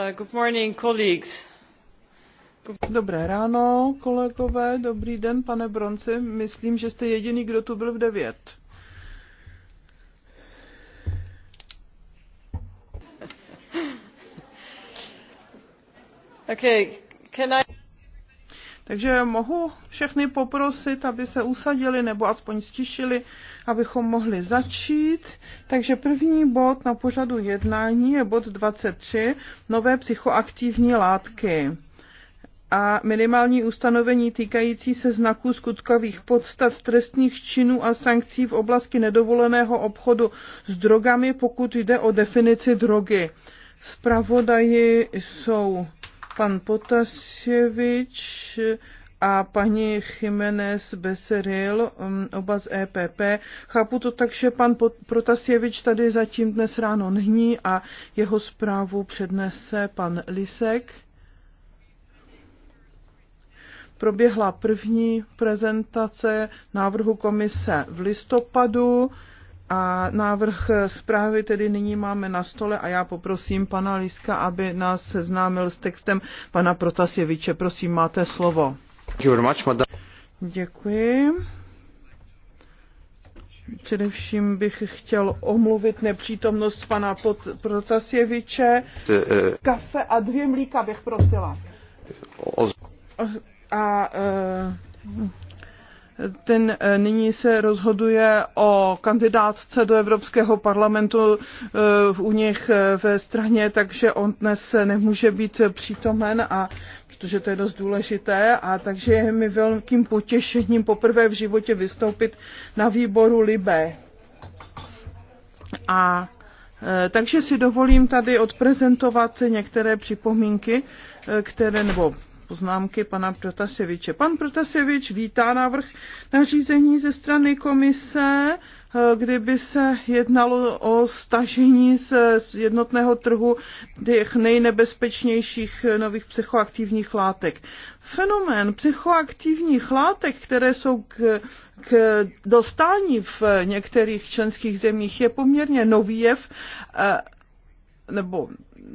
Uh, Dobré ráno, kolegové, dobrý den, pane Bronci. Myslím, že jste jediný, kdo tu byl v devět. Okay, can I... Takže mohu všechny poprosit, aby se usadili nebo aspoň stišili, abychom mohli začít. Takže první bod na pořadu jednání je bod 23, nové psychoaktivní látky a minimální ustanovení týkající se znaků skutkových podstat trestných činů a sankcí v oblasti nedovoleného obchodu s drogami, pokud jde o definici drogy. Zpravodaji jsou pan Potaševič a paní Jiménez Beseril, um, oba z EPP. Chápu to tak, že pan Protasěvič tady zatím dnes ráno není a jeho zprávu přednese pan Lisek. Proběhla první prezentace návrhu komise v listopadu. A návrh zprávy tedy nyní máme na stole a já poprosím pana Liska, aby nás seznámil s textem pana Protasjeviče. Prosím, máte slovo. Děkuji. Především bych chtěl omluvit nepřítomnost pana Pot- Protasjeviče. Eh, eh. Kafe a dvě mlíka bych prosila. A, a, eh, ten eh, nyní se rozhoduje o kandidátce do Evropského parlamentu eh, u nich eh, ve straně, takže on dnes nemůže být přítomen a protože to je dost důležité a takže je mi velkým potěšením poprvé v životě vystoupit na výboru Libé. A takže si dovolím tady odprezentovat některé připomínky, které, nebo poznámky pana Protaseviče. Pan Protasevič vítá návrh nařízení ze strany komise, eh, kdyby se jednalo o stažení z jednotného trhu těch nejnebezpečnějších eh, nových psychoaktivních látek. Fenomén psychoaktivních látek, které jsou k, k dostání v eh, některých členských zemích, je poměrně nový jev nebo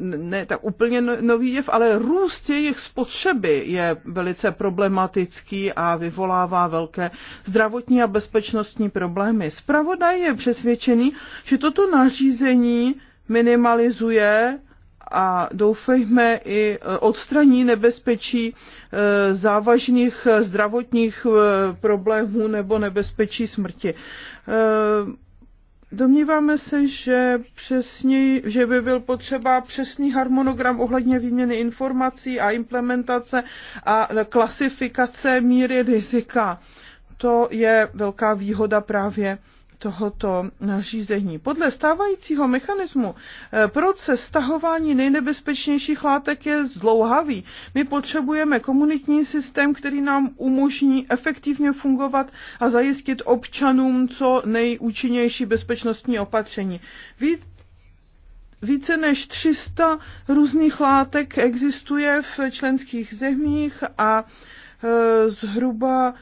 ne tak úplně no- nový jev, ale růst jejich spotřeby je velice problematický a vyvolává velké zdravotní a bezpečnostní problémy. Spravodaj je přesvědčený, že toto nařízení minimalizuje a doufejme i e, odstraní nebezpečí e, závažných zdravotních e, problémů nebo nebezpečí smrti Domníváme se, že, přesně, že by byl potřeba přesný harmonogram ohledně výměny informací a implementace a klasifikace míry rizika. To je velká výhoda právě tohoto nařízení. Podle stávajícího mechanismu eh, proces stahování nejnebezpečnějších látek je zdlouhavý. My potřebujeme komunitní systém, který nám umožní efektivně fungovat a zajistit občanům co nejúčinnější bezpečnostní opatření. Víte, více než 300 různých látek existuje v členských zemích a eh, zhruba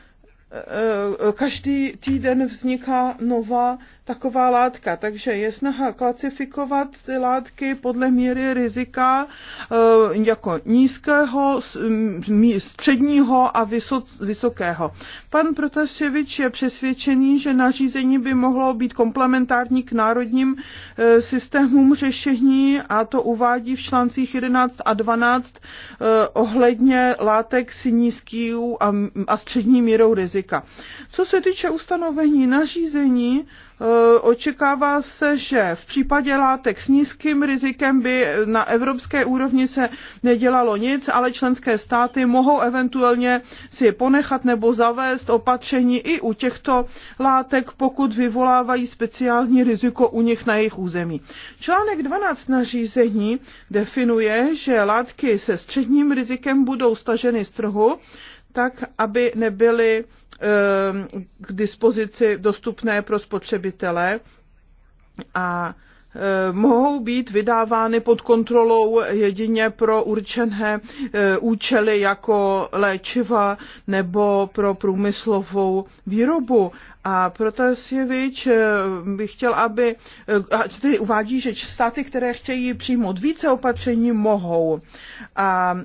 Eh, eh, každý týden vzniká nová taková látka. Takže je snaha klasifikovat ty látky podle míry rizika eh, jako nízkého, středního a vysokého. Pan Protaševič je přesvědčený, že nařízení by mohlo být komplementární k národním eh, systémům řešení a to uvádí v článcích 11 a 12 eh, ohledně látek s nízkým a střední mírou rizika. Co se týče ustanovení nařízení, Eh, očekává se, že v případě látek s nízkým rizikem by na evropské úrovni se nedělalo nic, ale členské státy mohou eventuálně si ponechat nebo zavést opatření i u těchto látek, pokud vyvolávají speciální riziko u nich na jejich území. Článek 12 nařízení definuje, že látky se středním rizikem budou staženy z trhu, tak aby nebyly k dispozici dostupné pro spotřebitele a Eh, mohou být vydávány pod kontrolou jedině pro určené eh, účely jako léčiva nebo pro průmyslovou výrobu. A Protasjevič eh, by chtěl, aby, tedy uvádí, že státy, které chtějí přijmout více opatření, mohou. A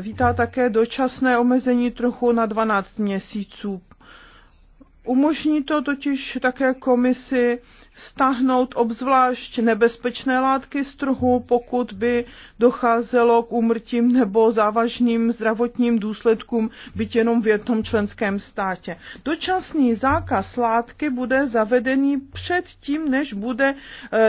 vítá také dočasné omezení trochu na 12 měsíců. Umožní to totiž také komisi stáhnout obzvlášť nebezpečné látky z trhu, pokud by docházelo k úmrtím nebo závažným zdravotním důsledkům, byť jenom v jednom členském státě. Dočasný zákaz látky bude zavedený před tím, než bude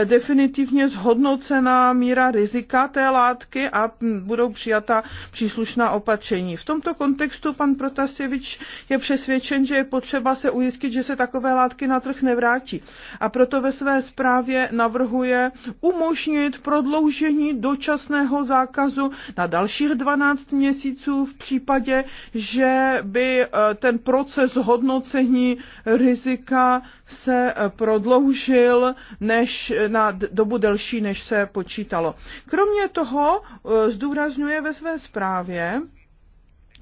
eh, definitivně zhodnocená míra rizika té látky a budou přijata příslušná opatření. V tomto kontextu pan Protasevič je přesvědčen, že je potřeba se ujistit, že se takové látky na trh nevrátí. A proto to ve své zprávě navrhuje umožnit prodloužení dočasného zákazu na dalších 12 měsíců v případě, že by eh, ten proces hodnocení rizika se eh, prodloužil než eh, na dobu delší, než se počítalo. Kromě toho zdůrazňuje ve své zprávě,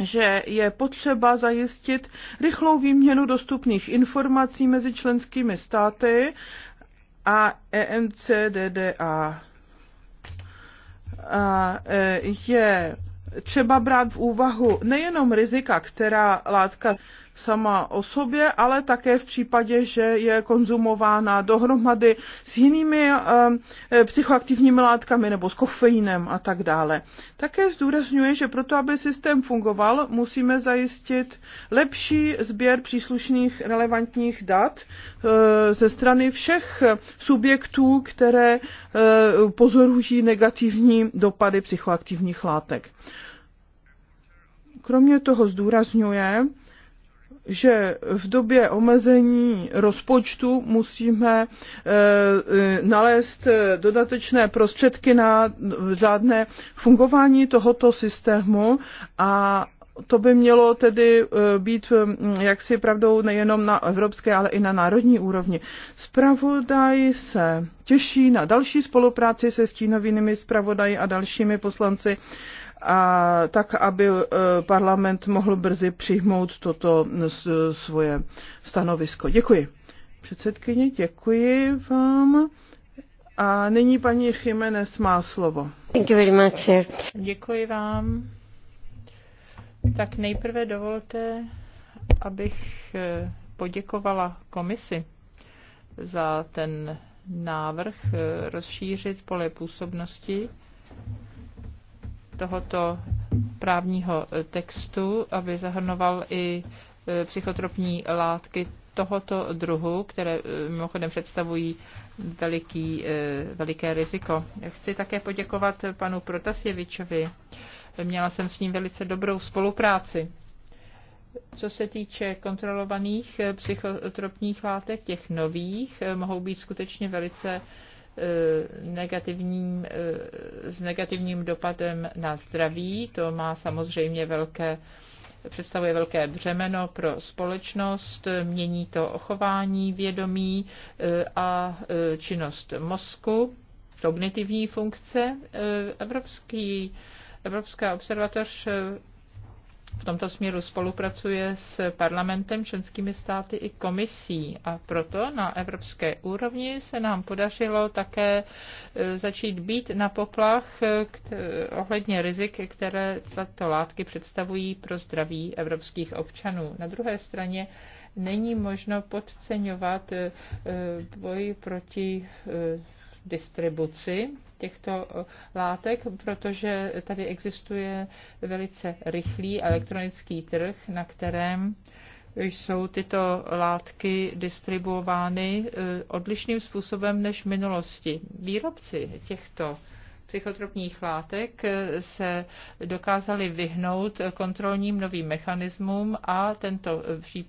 že je potřeba zajistit rychlou výměnu dostupných informací mezi členskými státy a EMCDDA. A e, je třeba brát v úvahu nejenom rizika, která látka sama o sobě, ale také v případě, že je konzumována dohromady s jinými eh, eh, psychoaktivními látkami nebo s kofeinem a tak dále. Také zdůrazňuje, že proto, aby systém fungoval, musíme zajistit lepší sběr příslušných relevantních dat eh, ze strany všech subjektů, které pozorují negativní dopady psychoaktivních látek. Kromě toho zdůrazňuje, že v době omezení rozpočtu musíme eh, eh, nalézt eh, dodatečné prostředky na řádné fungování tohoto systému a to by mělo tedy být jaksi pravdou nejenom na evropské, ale i na národní úrovni. Spravodaj se těší na další spolupráci se stínovými spravodaji a dalšími poslanci a tak, aby eh, parlament mohl brzy přijmout toto eh, svoje stanovisko. Děkuji. Předsedkyně, děkuji vám. A nyní paní Jiménez má slovo. Děkuji vám. Tak nejprve dovolte, abych eh, poděkovala komisi za ten návrh rozšířit pole působnosti tohoto právního eh, textu, aby zahrnoval i eh, psychotropní látky tohoto druhu, které eh, mimochodem představují veliký, veliké riziko. Chci také poděkovat panu Protasjevičovi. Měla jsem s ním velice dobrou spolupráci. Co se týče kontrolovaných psychotropních látek, těch nových, mohou být skutečně velice Eh, negativním, eh, s negativním dopadem na zdraví. To má samozřejmě velké představuje velké břemeno pro společnost, mění to chování vědomí eh, a činnost mozku, kognitivní funkce. Evropský, Evropská observatoř v tomto směru spolupracuje s parlamentem, členskými státy i komisí. A proto na evropské úrovni se nám podařilo také e, začít být na poplach e, ohledně rizik, které tato látky představují pro zdraví evropských občanů. Na druhé straně není možno podceňovat e, boj proti distribuci těchto eh, látek, protože tady existuje velice rychlý elektronický trh, na kterém jsou tyto látky distribuovány eh, odlišným způsobem než v minulosti. Výrobci těchto psychotropních látek se dokázali vyhnout kontrolním novým mechanismům a tento,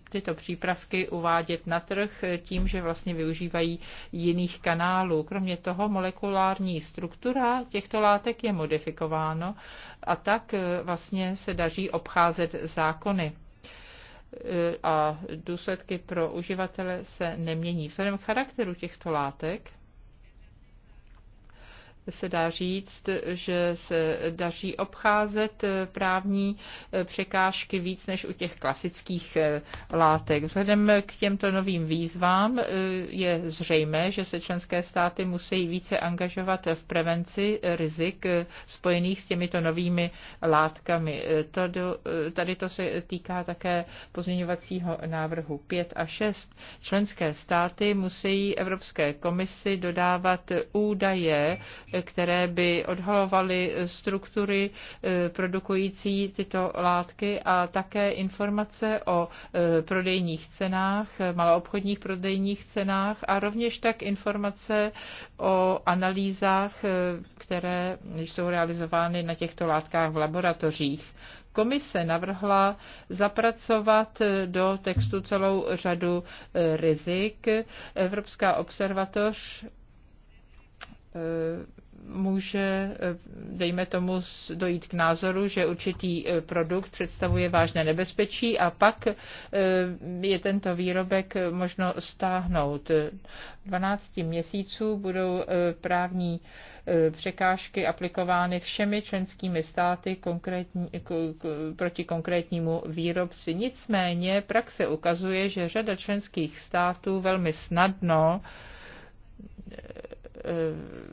tyto přípravky uvádět na trh tím, že vlastně využívají jiných kanálů. Kromě toho molekulární struktura těchto látek je modifikováno a tak vlastně se daří obcházet zákony e, a důsledky pro uživatele se nemění. Vzhledem k charakteru těchto látek se dá říct, že se daří obcházet eh, právní eh, překážky víc než u těch klasických eh, látek. Vzhledem k těmto novým výzvám je zřejmé, že se členské státy musí více angažovat v prevenci rizik spojených s těmito novými látkami. Tady to se týká také pozměňovacího návrhu 5 a 6. Členské státy musí Evropské komisi dodávat údaje, které by odhalovaly struktury eh, produkující tyto látky a také informace o eh, prodejních cenách, maloobchodních prodejních cenách a rovněž tak informace o analýzách, eh, které jsou realizovány na těchto látkách v laboratořích. Komise navrhla zapracovat do textu celou řadu rizik. Evropská observatoř Eh, může, eh, dejme tomu, dojít k názoru, že určitý eh, produkt představuje vážné nebezpečí a pak je tento výrobek možno stáhnout. 12 měsíců budou právní překážky aplikovány všemi členskými státy konkrétní, proti konkrétnímu výrobci. Nicméně praxe ukazuje, že řada členských států velmi snadno Eh,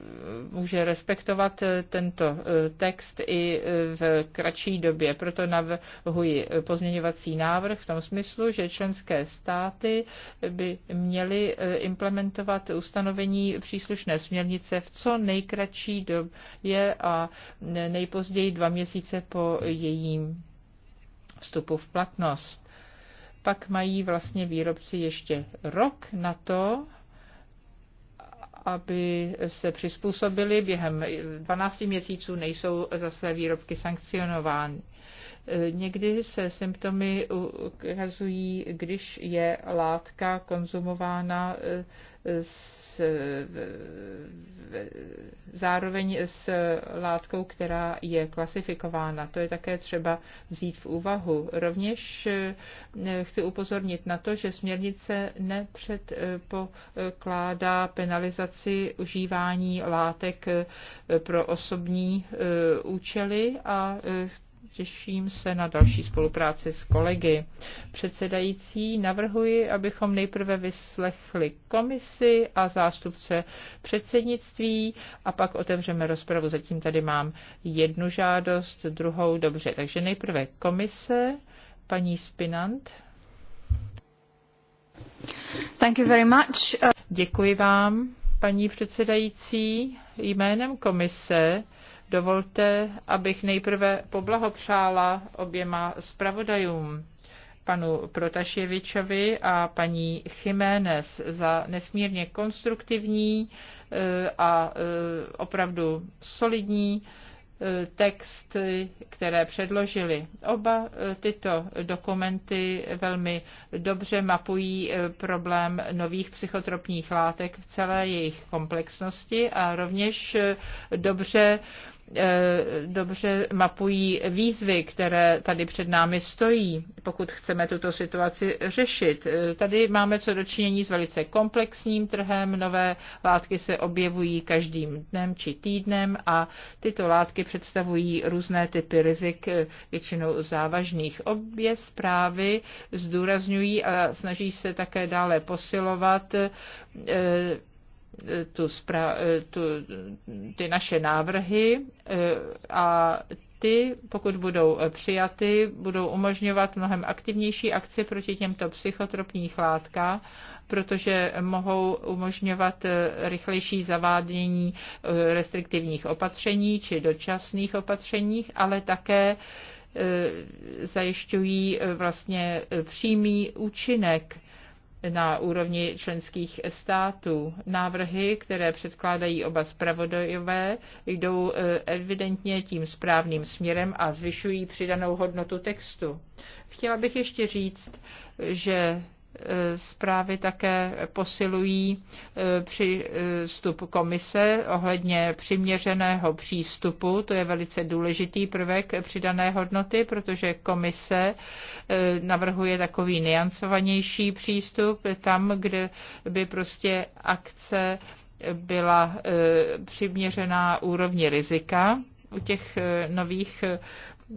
může respektovat eh, tento eh, text i v kratší době. Proto navrhuji pozměňovací návrh v tom smyslu, že členské státy by měly implementovat ustanovení příslušné směrnice v co nejkratší době a nejpozději dva měsíce po jejím vstupu v platnost. Pak mají vlastně výrobci ještě rok na to, aby se přizpůsobili. Během 12 měsíců nejsou za své výrobky sankcionovány. Někdy se symptomy ukazují, když je látka konzumována eh, s, eh, zároveň s látkou, která je klasifikována. To je také třeba vzít v úvahu. Rovněž eh, chci upozornit na to, že směrnice nepředpokládá penalizaci užívání látek pro osobní účely a Těším se na další spolupráci s kolegy. Předsedající, navrhuji, abychom nejprve vyslechli komisi a zástupce předsednictví a pak otevřeme rozpravu. Zatím tady mám jednu žádost, druhou dobře. Takže nejprve komise, paní Spinant. Thank you very much. Děkuji vám, paní předsedající. Jménem komise Dovolte, abych nejprve poblahopřála oběma zpravodajům, panu Protaševičovi a paní Chiménez, za nesmírně konstruktivní eh, a eh, opravdu solidní eh, texty, které předložili. Oba tyto dokumenty velmi dobře mapují problém nových psychotropních látek v celé jejich komplexnosti a rovněž dobře Eh, dobře mapují výzvy, které tady před námi stojí, pokud chceme tuto situaci řešit. Eh, tady máme co dočinění s velice komplexním trhem, nové látky se objevují každým dnem či týdnem a tyto látky představují různé typy rizik, eh, většinou závažných. Obě zprávy zdůrazňují a snaží se také dále posilovat tu spra- tu, ty naše návrhy e, a ty, pokud budou přijaty, budou umožňovat mnohem aktivnější akci proti těmto psychotropních látkám, protože mohou umožňovat e, rychlejší zavádění e, restriktivních opatření či dočasných opatřeních, ale také zajišťují vlastně přímý účinek na úrovni členských států. Návrhy, které předkládají oba zpravodajové, jdou eh, evidentně tím správným směrem a zvyšují přidanou hodnotu textu. Chtěla bych ještě říct, že zprávy také posilují e, přístup komise ohledně přiměřeného přístupu. To je velice důležitý prvek přidané hodnoty, protože komise e, navrhuje takový niancovanější přístup tam, kde by prostě akce byla e, přiměřená úrovni rizika u těch nových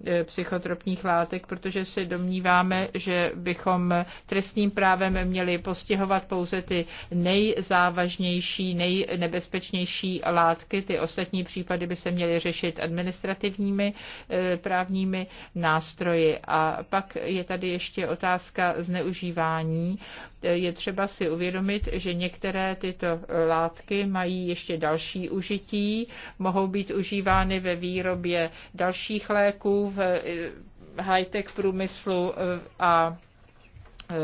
Eh, psychotropních látek, protože se domníváme, že bychom trestním právem měli postihovat pouze ty nejzávažnější, nejnebezpečnější látky. Ty ostatní případy by se měly řešit administrativními eh, právními nástroji. A pak je tady ještě otázka zneužívání. Eh, je třeba si uvědomit, že některé tyto látky mají ještě další užití, mohou být užívány ve výrobě dalších léků, v high-tech průmyslu e, a e,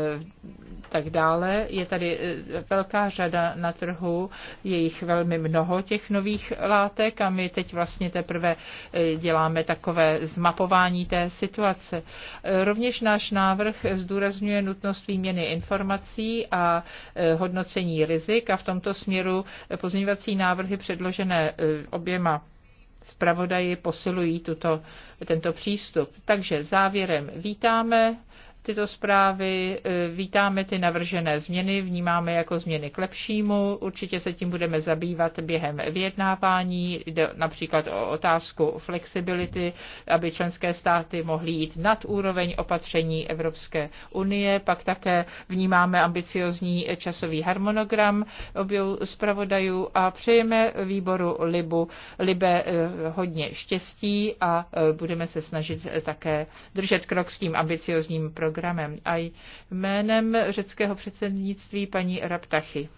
tak dále. Je tady e, velká řada na trhu, je jich velmi mnoho těch nových látek a my teď vlastně teprve děláme takové zmapování té situace. Rovněž náš návrh zdůrazňuje nutnost výměny informací a hodnocení rizik a v tomto směru pozměňovací návrhy předložené oběma zpravodaji posilují tuto, tento přístup. Takže závěrem vítáme tyto zprávy, e, vítáme ty navržené změny, vnímáme jako změny k lepšímu, určitě se tím budeme zabývat během vyjednávání, jde například o otázku flexibility, aby členské státy mohly jít nad úroveň opatření Evropské unie, pak také vnímáme ambiciozní časový harmonogram obou zpravodajů a přejeme výboru Libu, Libe e, hodně štěstí a e, budeme se snažit také držet krok s tím ambiciozním programem programem. A jménem řeckého předsednictví paní Raptachy.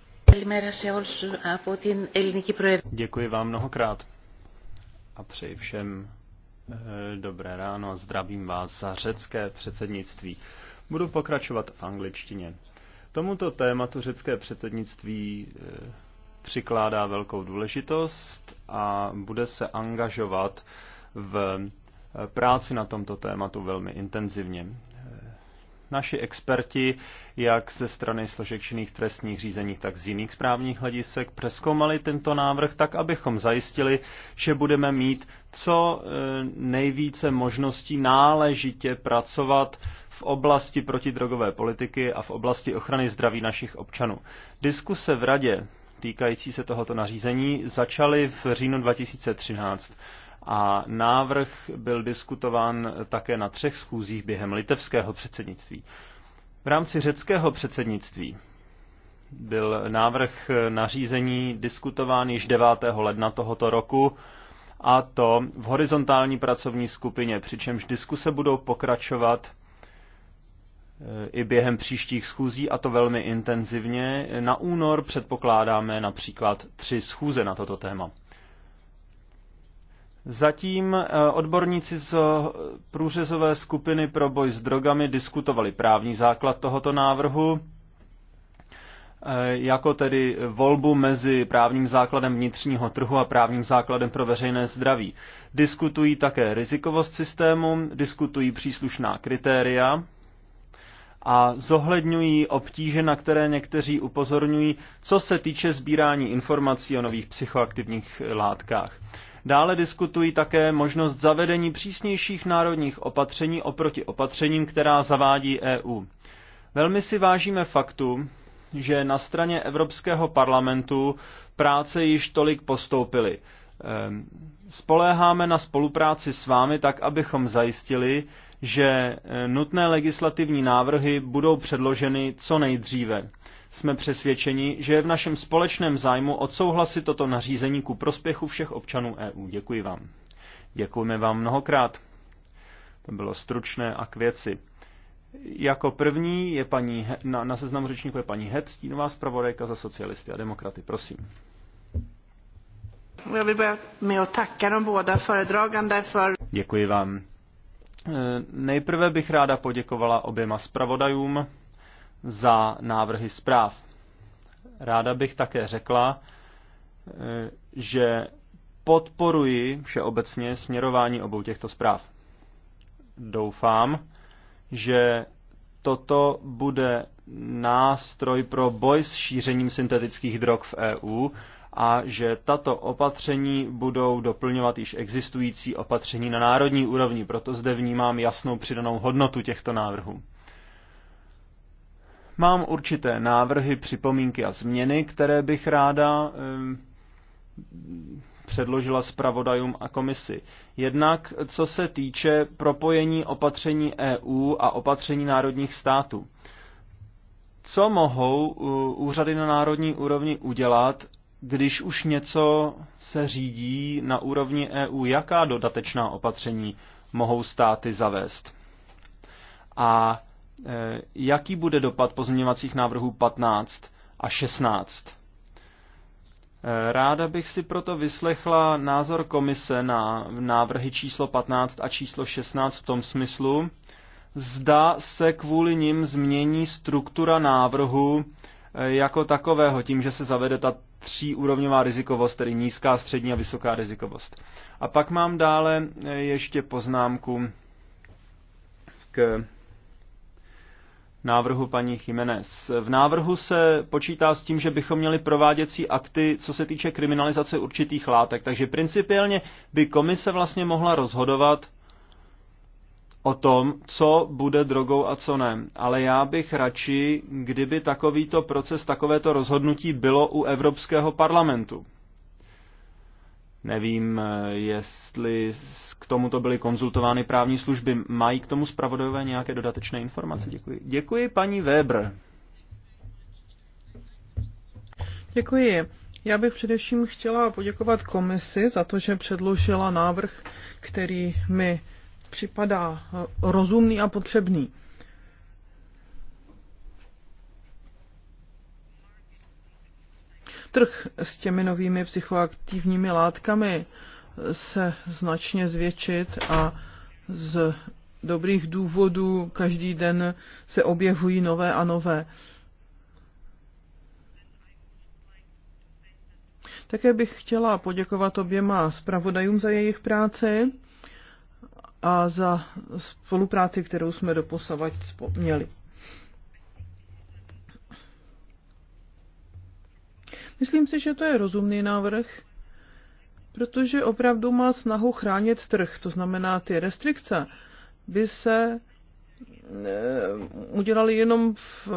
Děkuji vám mnohokrát a přeji všem eh, dobré ráno a zdravím vás za řecké předsednictví. Budu pokračovat v angličtině. Tomuto tématu řecké předsednictví eh, přikládá velkou důležitost a bude se angažovat v eh, práci na tomto tématu velmi intenzivně. Naši experti, jak ze strany složek činných trestních řízení, tak z jiných správních hledisek, přeskoumali tento návrh tak, abychom zajistili, že budeme mít co eh, nejvíce možností náležitě pracovat v oblasti protidrogové politiky a v oblasti ochrany zdraví našich občanů. Diskuse v Radě týkající se tohoto nařízení začaly v říjnu 2013 a návrh byl diskutován také na třech schůzích během litevského předsednictví. V rámci řeckého předsednictví byl návrh nařízení diskutován již 9. ledna tohoto roku a to v horizontální pracovní skupině, přičemž diskuse budou pokračovat e, i během příštích schůzí, a to velmi intenzivně. Na únor předpokládáme například tři schůze na toto téma. Zatím eh, odborníci z průřezové skupiny pro boj s drogami diskutovali právní základ tohoto návrhu, eh, jako tedy volbu mezi právním základem vnitřního trhu a právním základem pro veřejné zdraví. Diskutují také rizikovost systému, diskutují příslušná kritéria a zohledňují obtíže, na které někteří upozorňují, co se týče sbírání informací o nových psychoaktivních látkách. Dále diskutují také možnost zavedení přísnějších národních opatření oproti opatřením, která zavádí EU. Velmi si vážíme faktu, že na straně Evropského parlamentu práce již tolik postoupily. Ehm, spoléháme na spolupráci s vámi tak, abychom zajistili, že e, nutné legislativní návrhy budou předloženy co nejdříve jsme přesvědčeni, že je v našem společném zájmu odsouhlasit toto nařízení ku prospěchu všech občanů EU. Děkuji vám. Děkujeme vám mnohokrát. To bylo stručné a k věci. Jako první je paní, na, na seznamu řečníku je paní Hed, stínová zpravodajka za socialisty a demokraty. Prosím. Děkuji vám. E, nejprve bych ráda poděkovala oběma zpravodajům za návrhy zpráv. Ráda bych také řekla, e, že podporuji všeobecně směrování obou těchto zpráv. Doufám, že toto bude nástroj pro boj s šířením syntetických drog v EU a že tato opatření budou doplňovat již existující opatření na národní úrovni. Proto zde vnímám jasnou přidanou hodnotu těchto návrhů. Mám určité návrhy, připomínky a změny, které bych ráda předložila zpravodajům a komisi. Jednak, co se týče propojení opatření EU a opatření národních států. Co mohou úřady na národní úrovni udělat, když už něco se řídí na úrovni EU, jaká dodatečná opatření mohou státy zavést? A Eh, jaký bude dopad pozměňovacích návrhů 15 a 16. Eh, ráda bych si proto vyslechla názor komise na návrhy číslo 15 a číslo 16 v tom smyslu, zda se kvůli nim změní struktura návrhu eh, jako takového, tím, že se zavede ta tříúrovňová rizikovost, tedy nízká, střední a vysoká rizikovost. A pak mám dále ještě poznámku k návrhu paní Jiménez. V návrhu se počítá s tím, že bychom měli prováděcí akty, co se týče kriminalizace určitých látek. Takže principiálně by komise vlastně mohla rozhodovat o tom, co bude drogou a co ne. Ale já bych radši, kdyby takovýto proces, takovéto rozhodnutí bylo u Evropského parlamentu. Nevím, eh, jestli k tomuto byly konzultovány právní služby. Mají k tomu zpravodajové nějaké dodatečné informace? Děkuji. Děkuji, paní Weber. Děkuji. Já bych především chtěla poděkovat komisi za to, že předložila návrh, který mi připadá eh, rozumný a potřebný. trh s těmi novými psychoaktivními látkami se značně zvětšit a z dobrých důvodů každý den se objevují nové a nové. Také bych chtěla poděkovat oběma zpravodajům za jejich práci a za spolupráci, kterou jsme doposavat měli. Myslím si, že to je rozumný návrh, protože opravdu má snahu chránit trh, to znamená ty restrikce by se eh, udělali jenom v,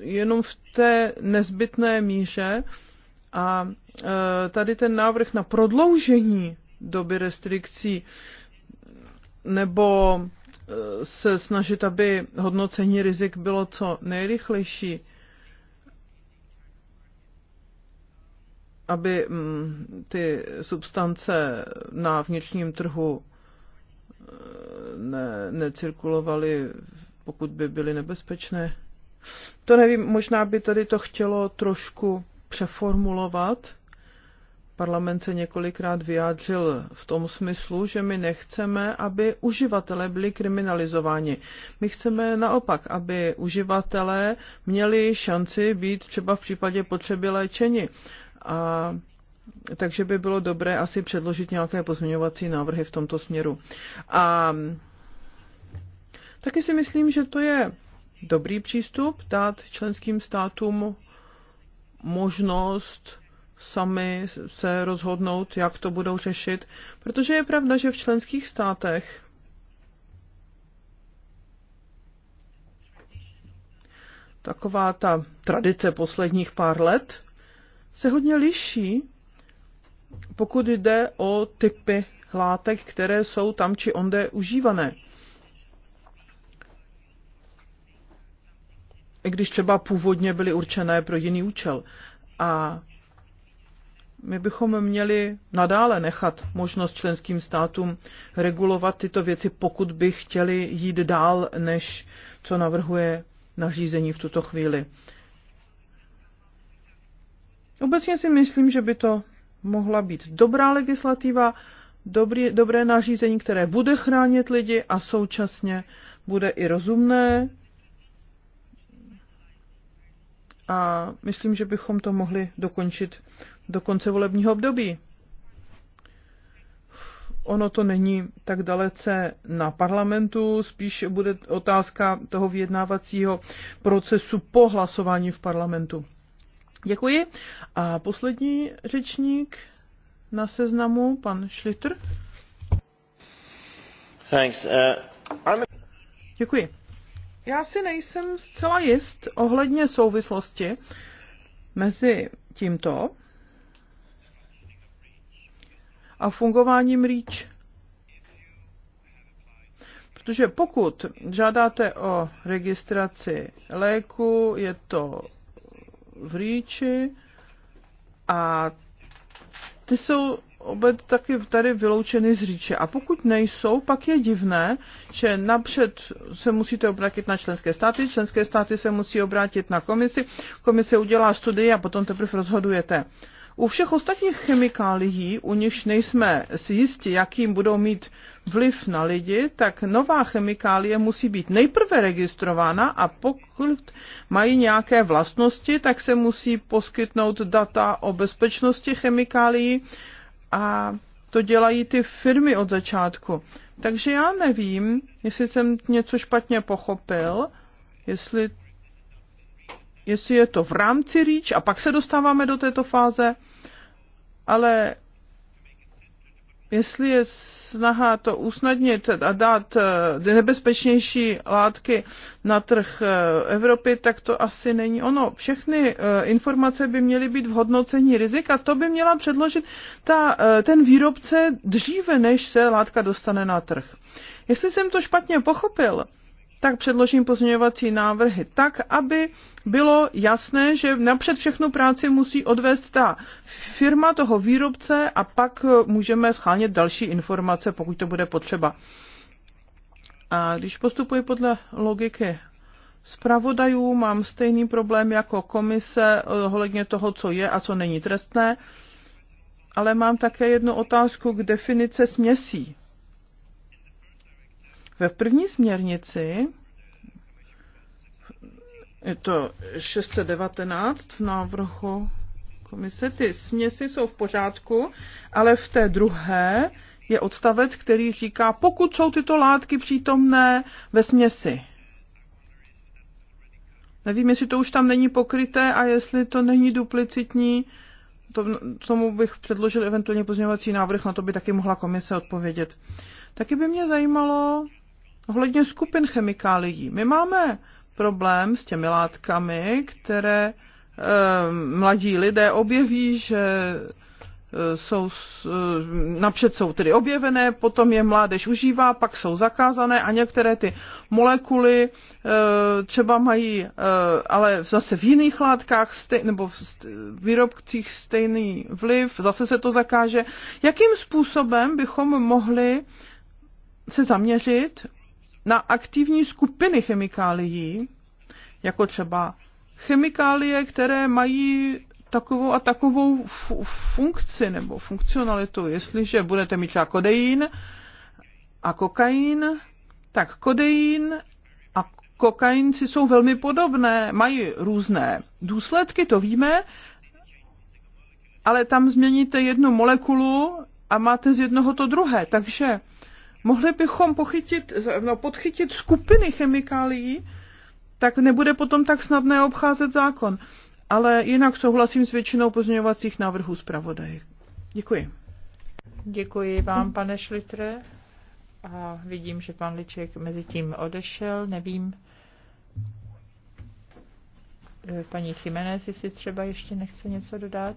jenom v té nezbytné míře a eh, tady ten návrh na prodloužení doby restrikcí nebo eh, se snažit, aby hodnocení rizik bylo co nejrychlejší, aby mm, ty substance na vnitřním trhu ne, necirkulovaly, pokud by byly nebezpečné. To nevím, možná by tady to chtělo trošku přeformulovat. Parlament se několikrát vyjádřil v tom smyslu, že my nechceme, aby uživatelé byli kriminalizováni. My chceme naopak, aby uživatelé měli šanci být třeba v případě potřeby léčení. A takže by bylo dobré asi předložit nějaké pozměňovací návrhy v tomto směru. A taky si myslím, že to je dobrý přístup dát členským státům možnost sami se rozhodnout, jak to budou řešit, protože je pravda, že v členských státech taková ta tradice posledních pár let se hodně liší, pokud jde o typy látek, které jsou tam či onde užívané. I když třeba původně byly určené pro jiný účel. A my bychom měli nadále nechat možnost členským státům regulovat tyto věci, pokud by chtěli jít dál, než co navrhuje nařízení v tuto chvíli. Obecně si myslím, že by to mohla být dobrá legislativa, dobrý, dobré nařízení, které bude chránit lidi a současně bude i rozumné. A myslím, že bychom to mohli dokončit do konce volebního období. Ono to není tak dalece na parlamentu, spíš bude otázka toho vyjednávacího procesu po hlasování v parlamentu. Děkuji. A poslední řečník na seznamu, pan Schlitter. Thanks. Uh, I'm... Děkuji. Já si nejsem zcela jist ohledně souvislosti mezi tímto a fungováním REACH. Protože pokud žádáte o registraci léku, je to v Ríči a ty jsou obec taky tady vyloučeny z říče. A pokud nejsou, pak je divné, že napřed se musíte obrátit na členské státy, členské státy se musí obrátit na komisi, komise udělá studii a potom teprve rozhodujete. U všech ostatních chemikálií, u nichž nejsme si jisti, jakým budou mít vliv na lidi, tak nová chemikálie musí být nejprve registrována a pokud mají nějaké vlastnosti, tak se musí poskytnout data o bezpečnosti chemikálií a to dělají ty firmy od začátku. Takže já nevím, jestli jsem něco špatně pochopil, jestli jestli je to v rámci REACH a pak se dostáváme do této fáze, ale jestli je snaha to usnadnit a dát eh, nebezpečnější látky na trh eh, Evropy, tak to asi není ono. Všechny eh, informace by měly být v hodnocení rizika. a to by měla předložit ta, ten výrobce dříve, než se látka dostane na trh. Jestli jsem to špatně pochopil, tak předložím pozměňovací návrhy tak, aby bylo jasné, že napřed všechnu práci musí odvést ta firma toho výrobce a pak eh, můžeme schánět další informace, pokud to bude potřeba. A když postupuji podle logiky zpravodajů, mám stejný problém jako komise eh, ohledně toho, co je a co není trestné, ale mám také jednu otázku k definice směsí. Ve první směrnici je to 619 v návrhu komise. Ty směsi jsou v pořádku, ale v té druhé je odstavec, který říká, pokud jsou tyto látky přítomné ve směsi. Nevím, jestli to už tam není pokryté a jestli to není duplicitní. To, tomu bych předložil eventuálně pozměňovací návrh, na to by taky mohla komise odpovědět. Taky by mě zajímalo, ohledně skupin chemikálií. My máme problém s těmi látkami, které eh, mladí lidé objeví, že eh, jsou, eh, napřed jsou tedy objevené, potom je mládež užívá, pak jsou zakázané a některé ty molekuly třeba mají, ale zase v jiných látkách stej, nebo v výrobcích stejný vliv, zase se to zakáže. Jakým způsobem bychom mohli se zaměřit na aktivní skupiny chemikálií, jako třeba chemikálie, které mají takovou a takovou funkci nebo funkcionalitu. Jestliže budete mít třeba kodein a kokain, tak kodein a kokainci jsou velmi podobné, mají různé důsledky, to víme, ale tam změníte jednu molekulu a máte z jednoho to druhé. Takže mohli bychom pochytit, no, podchytit skupiny chemikálií, tak nebude potom tak snadné obcházet zákon. Ale jinak souhlasím s většinou pozměňovacích návrhů zpravodaje. Děkuji. Děkuji vám, pane Šlitre. A vidím, že pan Liček mezi tím odešel, nevím. E, paní Chimenez, jestli třeba ještě nechce něco dodat.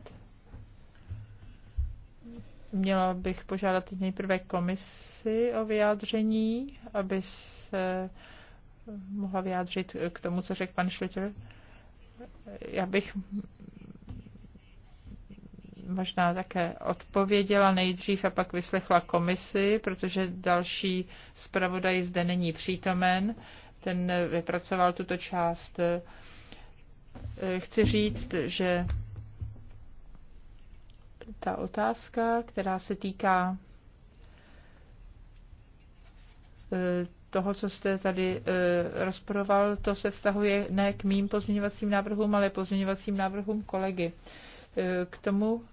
Měla bych požádat nejprve komisi o vyjádření, aby se mohla vyjádřit k tomu, co řekl pan Šlitr. Já bych možná také odpověděla nejdřív a pak vyslechla komisi, protože další zpravodaj zde není přítomen. Ten vypracoval tuto část. Chci říct, že ta otázka, která se týká eh, toho, co jste tady eh, rozporoval, to se vztahuje ne k mým pozměňovacím návrhům, ale pozměňovacím návrhům kolegy. Eh, k tomu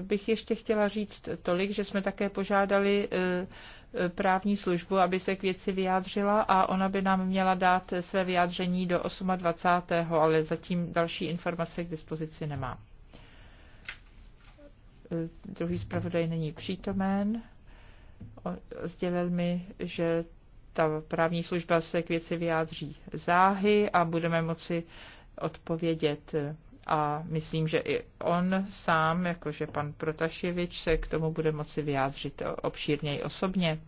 bych ještě chtěla říct tolik, že jsme také požádali právní službu, aby se k věci vyjádřila a ona by nám měla dát své vyjádření do 28. ale zatím další informace k dispozici nemá. Eh, druhý zpravodaj není přítomen. Sdělil mi, že ta právní služba se k věci vyjádří záhy a budeme moci odpovědět. A myslím, že i on sám, jakože pan Protaševič, se k tomu bude moci vyjádřit obšírněji osobně.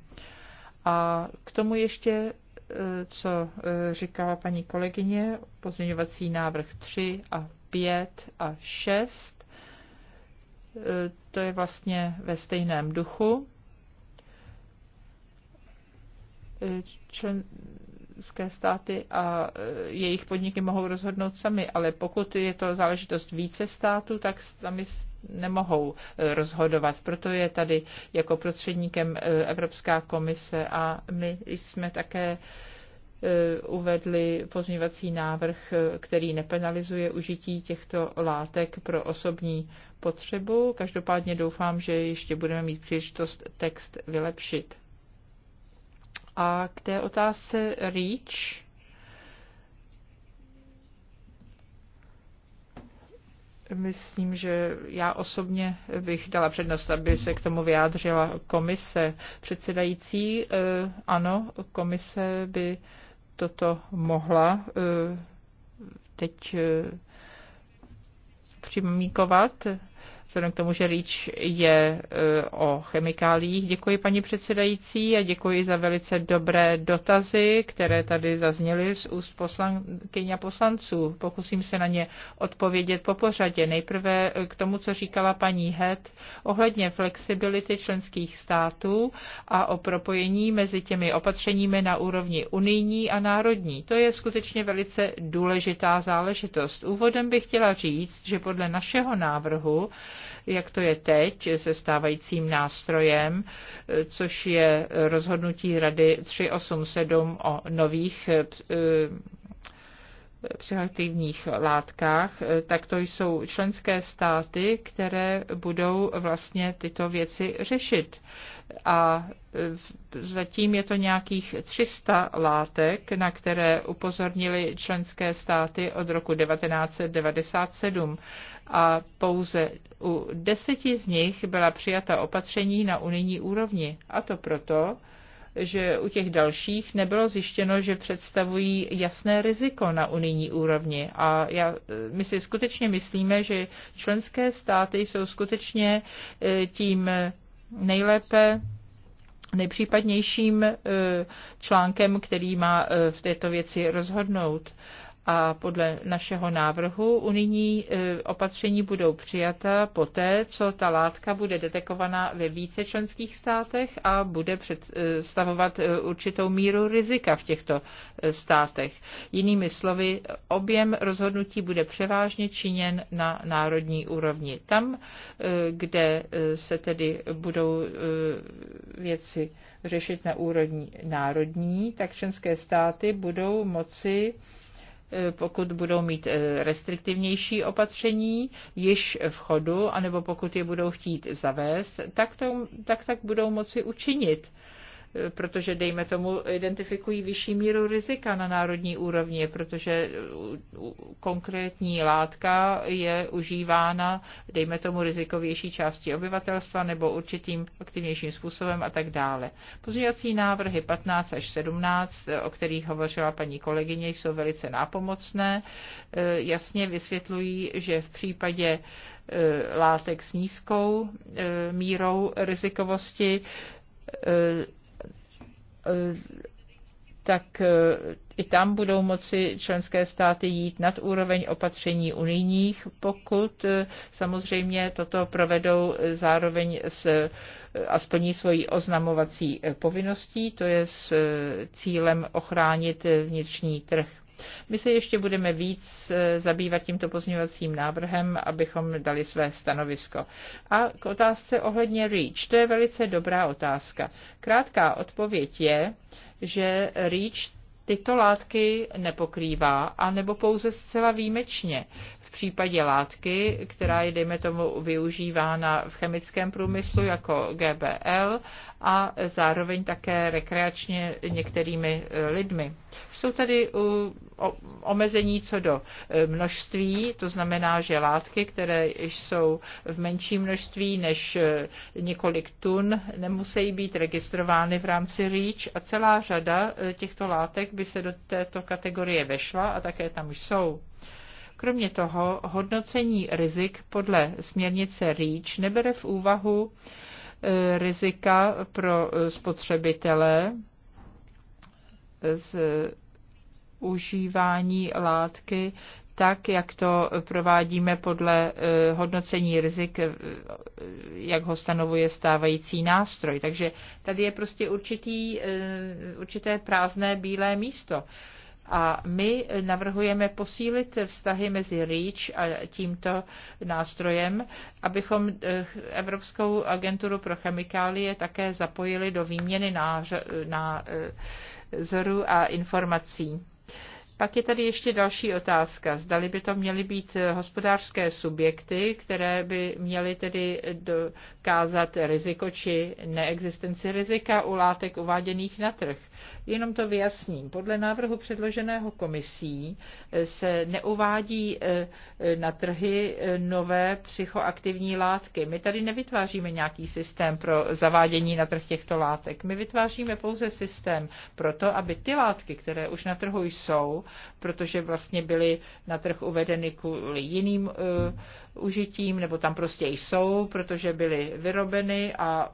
A k tomu ještě, eh, co eh, říkala paní kolegyně, pozměňovací návrh 3 a 5 a 6 Eh, to je vlastně ve stejném duchu. Eh, členské státy a eh, jejich podniky mohou rozhodnout sami, ale pokud je to záležitost více států, tak sami nemohou rozhodovat. Proto je tady jako prostředníkem Evropská komise a my jsme také Eh, uvedli pozměňovací návrh, eh, který nepenalizuje užití těchto látek pro osobní potřebu. Každopádně doufám, že ještě budeme mít příležitost text vylepšit. A k té otázce REACH. Myslím, že já osobně bych dala přednost, aby se k tomu vyjádřila komise předsedající. Eh, ano, komise by toto mohla eh, teď eh, připomínkovat vzhledem k tomu, že Rýč je eh, o chemikáliích. Děkuji paní předsedající a děkuji za velice dobré dotazy, které tady zazněly z úst poslankyň a poslanců. Pokusím se na ně odpovědět po pořadě. Nejprve eh, k tomu, co říkala paní Het ohledně flexibility členských států a o propojení mezi těmi opatřeními na úrovni unijní a národní. To je skutečně velice důležitá záležitost. Úvodem bych chtěla říct, že podle našeho návrhu jak to je teď se stávajícím nástrojem, což je rozhodnutí Rady 387 o nových eh, psychoaktivních látkách, eh, tak to jsou členské státy, které budou vlastně tyto věci řešit. A eh, zatím je to nějakých 300 látek, na které upozornili členské státy od roku 1997 a pouze u deseti z nich byla přijata opatření na unijní úrovni. A to proto, že u těch dalších nebylo zjištěno, že představují jasné riziko na unijní úrovni. A já, my si skutečně myslíme, že členské státy jsou skutečně e, tím nejlépe nejpřípadnějším e, článkem, který má e, v této věci rozhodnout a podle našeho návrhu unijní e, opatření budou přijata poté, co ta látka bude detekovaná ve více členských státech a bude představovat e, určitou míru rizika v těchto e, státech. Jinými slovy, objem rozhodnutí bude převážně činěn na národní úrovni. Tam, kde se tedy budou věci řešit na úrovni národní, tak členské státy budou moci Eh, pokud budou mít eh, restriktivnější opatření již v chodu, anebo pokud je budou chtít zavést, tak, to, tak tak budou moci učinit protože dejme tomu identifikují vyšší míru rizika na národní úrovni, protože konkrétní látka je užívána, dejme tomu, rizikovější části obyvatelstva nebo určitým aktivnějším způsobem a tak dále. Pozdějací návrhy 15 až 17, o kterých hovořila paní kolegyně, jsou velice nápomocné. E, jasně vysvětlují, že v případě e, látek s nízkou e, mírou rizikovosti Eh, tak eh, i tam budou moci členské státy jít nad úroveň opatření unijních, pokud eh, samozřejmě toto provedou zároveň s a splní svoji oznamovací povinností, to je s cílem ochránit vnitřní trh. My se ještě budeme víc eh, zabývat tímto pozměňovacím návrhem, abychom dali své stanovisko. A k otázce ohledně REACH. To je velice dobrá otázka. Krátká odpověď je, že REACH tyto látky nepokrývá, anebo pouze zcela výjimečně případě látky, která je, dejme tomu, využívána v chemickém průmyslu jako GBL a zároveň také rekreačně některými eh, lidmi. Jsou tady omezení co do eh, množství, to znamená, že látky, které jsou v menší množství než eh, několik tun, nemusí být registrovány v rámci REACH a celá řada těchto látek by se do této kategorie vešla a také tam jsou. Kromě toho hodnocení rizik podle směrnice REACH nebere v úvahu e, rizika pro e, spotřebitele z užívání látky tak, jak to provádíme podle e, hodnocení rizik, jak ho stanovuje stávající nástroj. Takže tady je prostě určitý, určité prázdné bílé místo. A my navrhujeme posílit vztahy mezi REACH a tímto nástrojem, abychom eh, Evropskou agenturu pro chemikálie také zapojili do výměny názorů eh, a informací. Pak je tady ještě další otázka. Zdali by to měly být eh, hospodářské subjekty, které by měly tedy dokázat riziko či neexistenci rizika u látek uváděných na trh. Jenom to vyjasním. Podle návrhu předloženého komisí eh, se neuvádí eh, na trhy nové psychoaktivní látky. My tady nevytváříme nějaký systém pro zavádění na trh těchto látek. My vytváříme pouze systém pro to, aby ty látky, které už na trhu jsou, protože vlastně byly na trh uvedeny kvůli jiným eh, užitím, nebo tam prostě jsou, protože byly vyrobeny a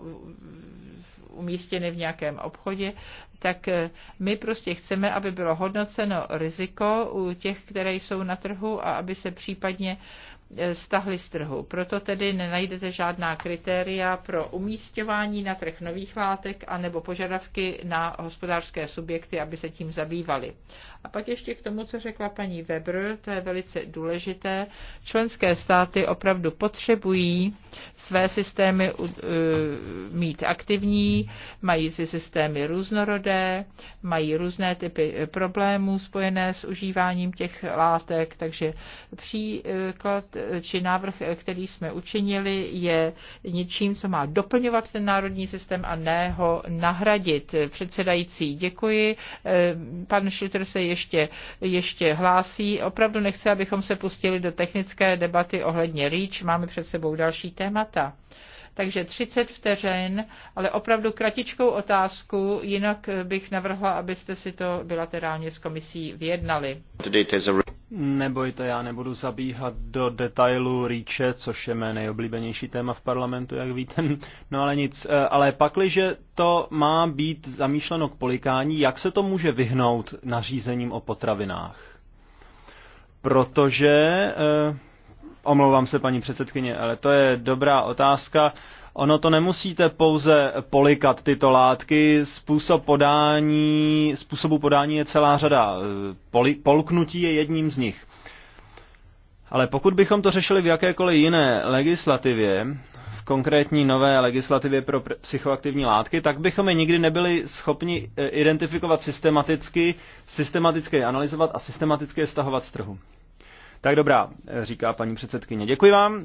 umístěny v nějakém obchodě, tak eh, my prostě chceme, aby bylo hodnoceno riziko u těch, které jsou na trhu a aby se případně uh, Eh, stahli z trhu. Proto tedy nenajdete žádná kritéria pro umístěvání na trh nových látek anebo požadavky na hospodářské subjekty, aby se tím zabývali. A pak ještě k tomu, co řekla paní Weber, to je velice důležité. Členské státy opravdu potřebují své systémy eh, mít aktivní, mají si systémy různorodé, mají různé typy problémů spojené s užíváním těch látek, takže příklad či návrh, který jsme učinili, je něčím, co má doplňovat ten národní systém a ne ho nahradit. Předsedající, děkuji. Eh, pan Schlitter se ještě, ještě hlásí. Opravdu nechce, abychom se pustili do technické debaty ohledně REACH. Máme před sebou další témata. Takže 30 vteřin, ale opravdu kratičkou otázku, jinak bych navrhla, abyste si to bilaterálně s komisí vyjednali. Nebojte, já nebudu zabíhat do detailu rýče, což je mé nejoblíbenější téma v parlamentu, jak víte. No ale nic. Eh, ale pakliže to má být zamýšleno k polikání, jak se to může vyhnout nařízením o potravinách? Protože eh, Omlouvám se, paní předsedkyně, ale to je dobrá otázka. Ono to nemusíte pouze polikat tyto látky, způsob podání, způsobu podání je celá řada. Poli, polknutí je jedním z nich. Ale pokud bychom to řešili v jakékoliv jiné legislativě, v konkrétní nové legislativě pro psychoaktivní látky, tak bychom je nikdy nebyli schopni eh, identifikovat systematicky, systematicky je analyzovat a systematicky je stahovat z trhu. Tak dobrá, říká paní předsedkyně. Děkuji vám.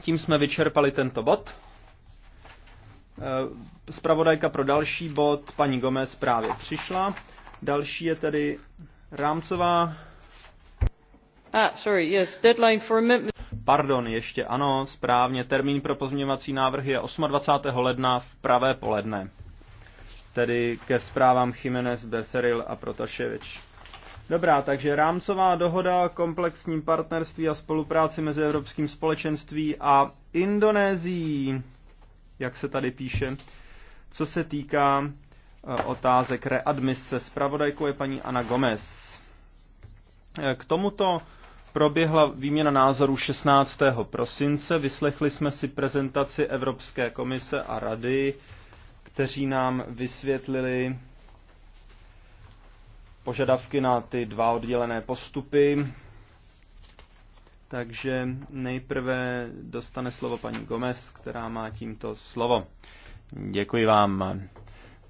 Tím jsme vyčerpali tento bod. Spravodajka eh, pro další bod, paní Gomez, právě přišla. Další je tedy rámcová. Ah, sorry, yes, deadline for amendment. Pardon, ještě ano, správně. Termín pro pozměňovací návrhy je 28. ledna v pravé poledne. Tedy ke zprávám Jiménez, Beferil a Protaševič. Dobrá, takže rámcová dohoda o komplexním partnerství a spolupráci mezi Evropským společenství a Indonésií, jak se tady píše, co se týká eh, otázek readmise. Spravodajkou je paní Ana Gomez. Eh, k tomuto proběhla výměna názorů 16. prosince. Vyslechli jsme si prezentaci Evropské komise a rady, kteří nám vysvětlili požadavky na ty dva oddělené postupy. Takže nejprve dostane slovo paní Gomez, která má tímto slovo. Děkuji vám.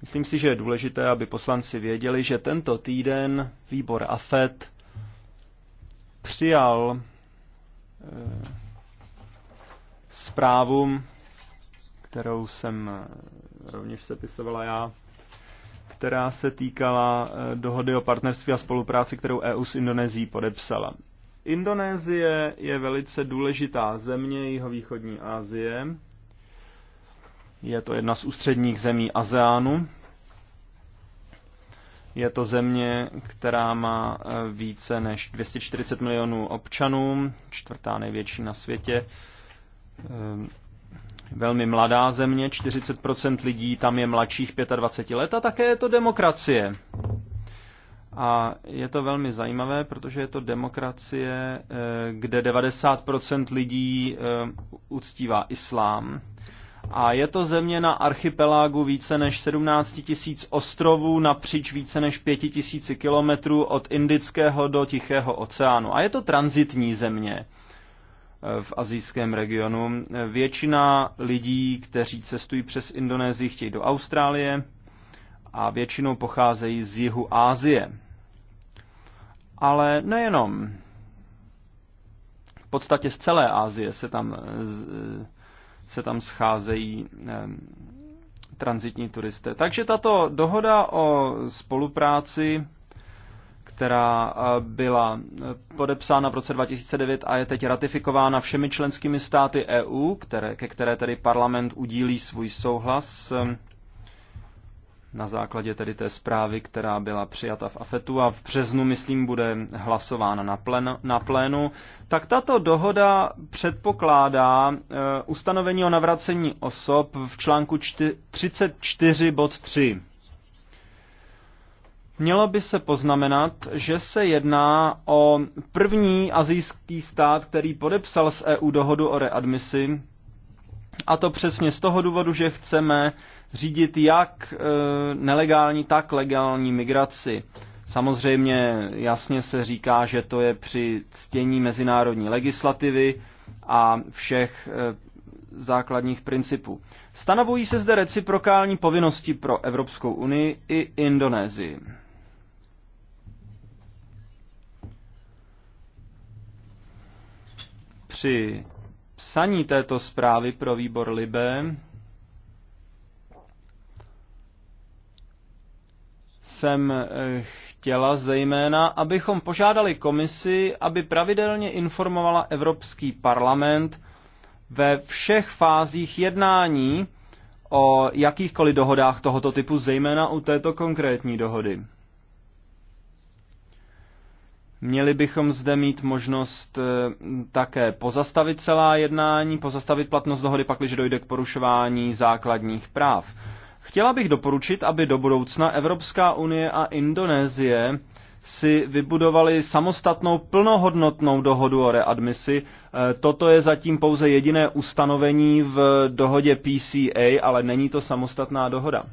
Myslím si, že je důležité, aby poslanci věděli, že tento týden výbor AFET přijal e, zprávu, kterou jsem eh, rovněž sepisovala já, která se týkala eh, dohody o partnerství a spolupráci, kterou EU s Indonésií podepsala. Indonésie je velice důležitá země jihovýchodní Asie. Je to jedna z ústředních zemí ASEANu. Je to země, která má eh, více než 240 milionů občanů, čtvrtá největší na světě ehm, velmi mladá země, 40% lidí tam je mladších 25 let a také je to demokracie. A je to velmi zajímavé, protože je to demokracie, eh, kde 90% lidí eh, uctívá islám. A je to země na archipelágu více než 17 tisíc ostrovů napříč více než 5 tisíci kilometrů od Indického do Tichého oceánu. A je to transitní země v azijském regionu. Většina lidí, kteří cestují přes Indonésii, chtějí do Austrálie a většinou pocházejí z jihu Ázie. Ale nejenom. V podstatě z celé Ázie se tam, se tam scházejí transitní turisté. Takže tato dohoda o spolupráci která eh, byla eh, podepsána v roce 2009 a je teď ratifikována všemi členskými státy EU, které, ke které tedy parlament udílí svůj souhlas eh, na základě tedy té zprávy, která byla přijata v AFETu a v březnu, myslím, bude hlasována na, plen, na plénu, tak tato dohoda předpokládá e, ustanovení o navracení osob v článku 34 bod 3. Mělo by se poznamenat, že se jedná o první azijský stát, který podepsal s EU dohodu o readmisi, a to přesně z toho důvodu, že chceme řídit jak e, nelegální, tak legální migraci. Samozřejmě jasně se říká, že to je při ctění mezinárodní legislativy a všech e, základních principů. Stanovují se zde reciprokální povinnosti pro Evropskou unii i Indonésii. Při psaní této zprávy pro výbor Libe jsem eh, chtěla zejména, abychom požádali komisi, aby pravidelně informovala Evropský parlament ve všech fázích jednání o jakýchkoliv dohodách tohoto typu, zejména u této konkrétní dohody. Měli bychom zde mít možnost eh, také pozastavit celá jednání, pozastavit platnost dohody, pakliže dojde k porušování základních práv. Chtěla bych doporučit, aby do budoucna Evropská unie a Indonésie si vybudovali samostatnou plnohodnotnou dohodu o readmisi. Eh, toto je zatím pouze jediné ustanovení v dohodě PCA, ale není to samostatná dohoda.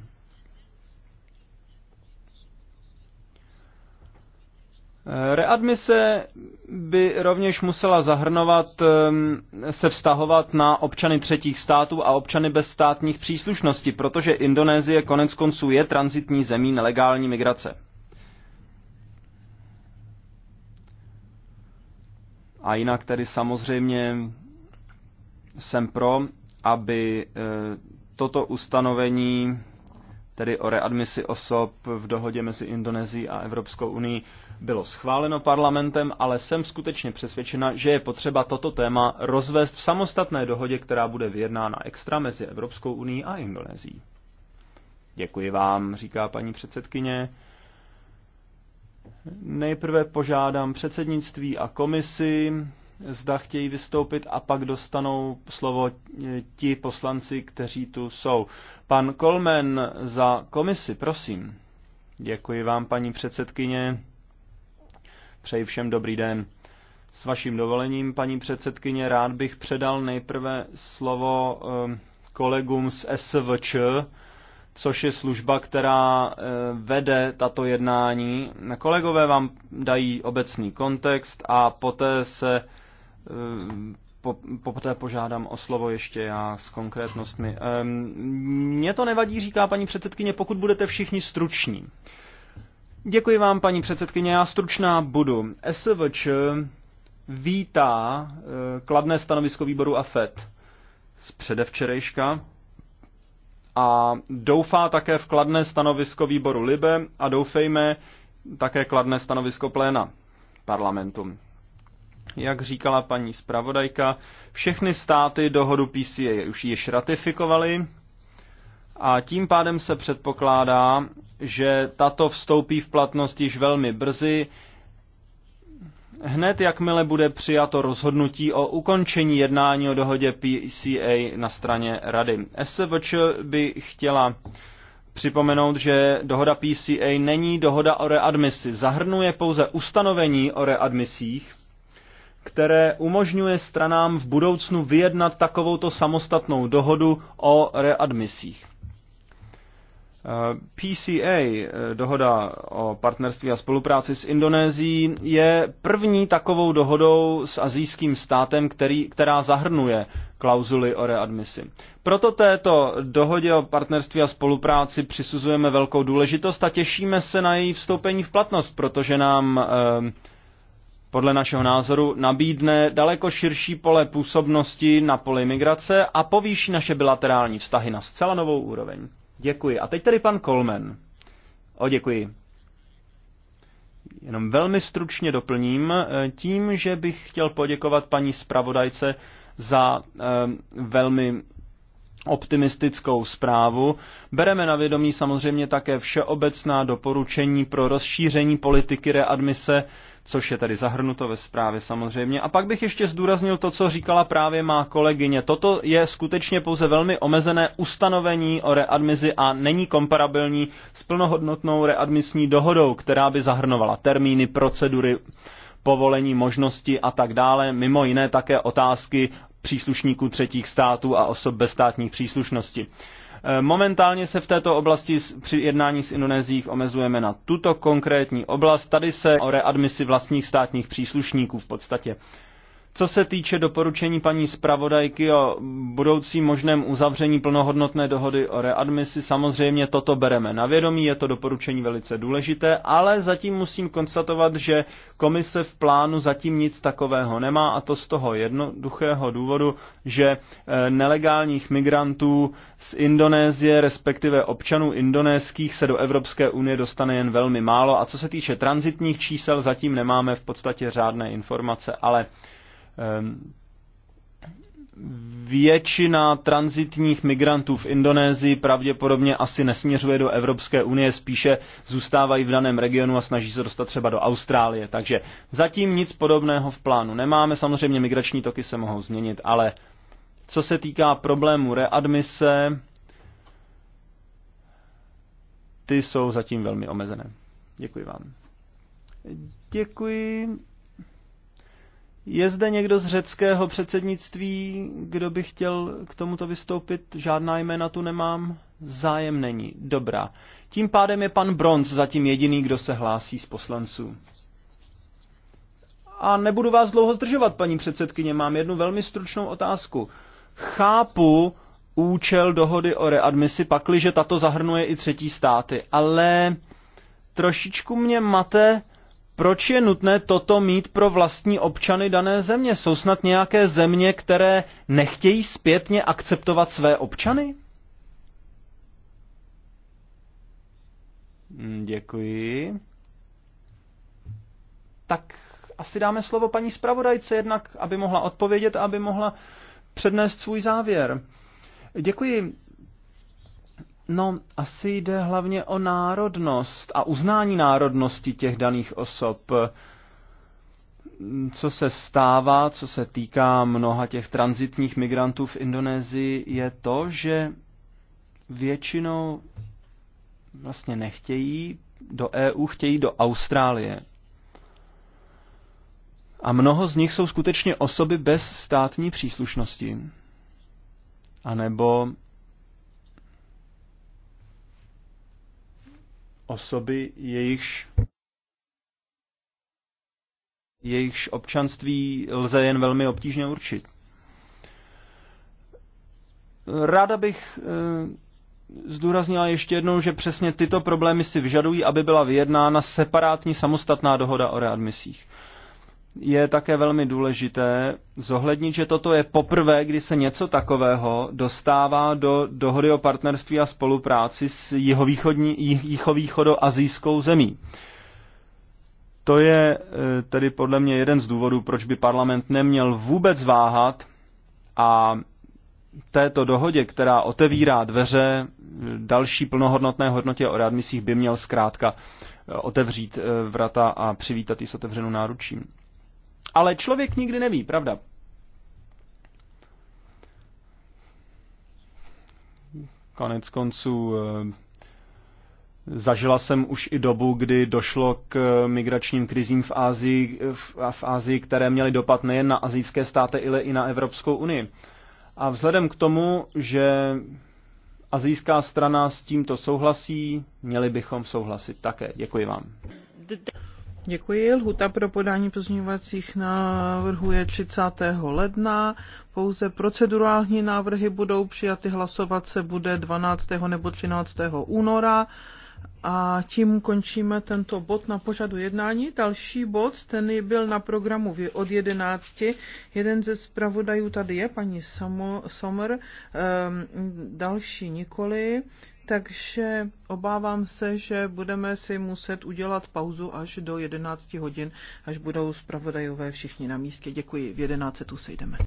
Readmise by rovněž musela zahrnovat, se vztahovat na občany třetích států a občany bez státních příslušností, protože Indonésie konec konců je transitní zemí nelegální migrace. A jinak tedy samozřejmě jsem pro, aby eh, toto ustanovení tedy o readmisi osob v dohodě mezi Indonésií a Evropskou unii, bylo schváleno parlamentem, ale jsem skutečně přesvědčena, že je potřeba toto téma rozvést v samostatné dohodě, která bude vyjednána extra mezi Evropskou unii a Indonésií. Děkuji vám, říká paní předsedkyně. Nejprve požádám předsednictví a komisi, zda chtějí vystoupit a pak dostanou slovo eh, ti poslanci, kteří tu jsou. Pan Kolmen za komisi, prosím. Děkuji vám, paní předsedkyně. Přeji všem dobrý den. S vaším dovolením, paní předsedkyně, rád bych předal nejprve slovo eh, kolegům z SVČ, což je služba, která eh, vede tato jednání. Kolegové vám dají obecný kontext a poté se Eh, po, poté požádám o slovo ještě já s konkrétnostmi. Eh, mně to nevadí, říká paní předsedkyně, pokud budete všichni struční. Děkuji vám, paní předsedkyně, já stručná budu. SVČ vítá eh, kladné stanovisko výboru AFET z předevčerejška a doufá také v kladné stanovisko výboru LIBE a doufejme také kladné stanovisko pléna parlamentu. Jak říkala paní zpravodajka, všechny státy dohodu PCA už již ratifikovaly a tím pádem se předpokládá, že tato vstoupí v platnost již velmi brzy, hned jakmile bude přijato rozhodnutí o ukončení jednání o dohodě PCA na straně Rady. SVČ by chtěla připomenout, že dohoda PCA není dohoda o readmisi, zahrnuje pouze ustanovení o readmisích které umožňuje stranám v budoucnu vyjednat takovouto samostatnou dohodu o readmisích. Eh, PCA, eh, dohoda o partnerství a spolupráci s Indonésií, je první takovou dohodou s azijským státem, který, která zahrnuje klauzuly o readmisi. Proto této dohodě o partnerství a spolupráci přisuzujeme velkou důležitost a těšíme se na její vstoupení v platnost, protože nám eh, podle našeho názoru nabídne daleko širší pole působnosti na poli migrace a povýší naše bilaterální vztahy na zcela novou úroveň. Děkuji. A teď tady pan Kolmen. O, děkuji. Jenom velmi stručně doplním eh, tím, že bych chtěl poděkovat paní zpravodajce za eh, velmi optimistickou zprávu. Bereme na vědomí samozřejmě také všeobecná doporučení pro rozšíření politiky readmise což je tedy zahrnuto ve zprávě samozřejmě. A pak bych ještě zdůraznil to, co říkala právě má kolegyně. Toto je skutečně pouze velmi omezené ustanovení o readmizi a není komparabilní s plnohodnotnou readmisní dohodou, která by zahrnovala termíny, procedury, povolení, možnosti a tak dále, mimo jiné také otázky příslušníků třetích států a osob bez státní příslušnosti. Eh, momentálně se v této oblasti při jednání s indonézích omezujeme na tuto konkrétní oblast. Tady se o readmisi vlastních státních příslušníků v podstatě. Co se týče doporučení paní zpravodajky o budoucím možném uzavření plnohodnotné dohody o readmisi, samozřejmě toto bereme na vědomí, je to doporučení velice důležité, ale zatím musím konstatovat, že komise v plánu zatím nic takového nemá a to z toho jednoduchého důvodu, že eh, nelegálních migrantů z Indonésie, respektive občanů indonéských, se do Evropské unie dostane jen velmi málo a co se týče transitních čísel, zatím nemáme v podstatě žádné informace, ale Ehm, většina transitních migrantů v Indonésii pravděpodobně asi nesměřuje do Evropské unie, spíše zůstávají v daném regionu a snaží se dostat třeba do Austrálie. Takže zatím nic podobného v plánu nemáme. Samozřejmě migrační toky se mohou změnit, ale co se týká problému readmise, ty jsou zatím velmi omezené. Děkuji vám. Děkuji. Je zde někdo z řeckého předsednictví, kdo by chtěl k tomuto vystoupit? Žádná jména tu nemám. Zájem není. Dobrá. Tím pádem je pan Bronz zatím jediný, kdo se hlásí z poslanců. A nebudu vás dlouho zdržovat, paní předsedkyně. Mám jednu velmi stručnou otázku. Chápu účel dohody o readmisi, pakliže tato zahrnuje i třetí státy, ale trošičku mě mate proč je nutné toto mít pro vlastní občany dané země? Jsou snad nějaké země, které nechtějí zpětně akceptovat své občany? Mm, děkuji. Tak asi dáme slovo paní zpravodajce jednak, aby mohla odpovědět aby mohla přednést svůj závěr. Děkuji. No, asi jde hlavně o národnost a uznání národnosti těch daných osob. Co se stává, co se týká mnoha těch transitních migrantů v Indonésii, je to, že většinou vlastně nechtějí do EU, chtějí do Austrálie. A mnoho z nich jsou skutečně osoby bez státní příslušnosti. A nebo osoby, jejichž jejichž občanství lze jen velmi obtížně určit. Ráda bych eh, zdůraznila ještě jednou, že přesně tyto problémy si vyžadují, aby byla vyjednána separátní samostatná dohoda o readmisích je také velmi důležité zohlednit, že toto je poprvé, kdy se něco takového dostává do dohody o partnerství a spolupráci s jihovýchodoazijskou zemí. To je eh, tedy podle mě jeden z důvodů, proč by parlament neměl vůbec váhat a této dohodě, která otevírá dveře další plnohodnotné hodnotě o readmisích, by měl zkrátka eh, otevřít eh, vrata a přivítat ji s otevřenou náručím. Ale člověk nikdy neví, pravda? Konec konců eh, Zažila jsem už i dobu, kdy došlo k eh, migračním krizím v Ázii, v, v Ázii, které měly dopad nejen na azijské státy, ale i na Evropskou unii. A vzhledem k tomu, že azijská strana s tímto souhlasí, měli bychom souhlasit také. Děkuji vám. Děkuji. Lhuta pro podání pozměňovacích návrhů je 30. ledna. Pouze procedurální návrhy budou přijaty. Hlasovat se bude 12. nebo 13. února. A tím končíme tento bod na pořadu jednání. Další bod, ten byl na programu od 11. Jeden ze zpravodajů tady je, paní Sommer, ehm, další nikoli takže obávám se, že budeme si muset udělat pauzu až do 11 hodin, až budou zpravodajové všichni na místě. Děkuji, v 11 tu sejdeme.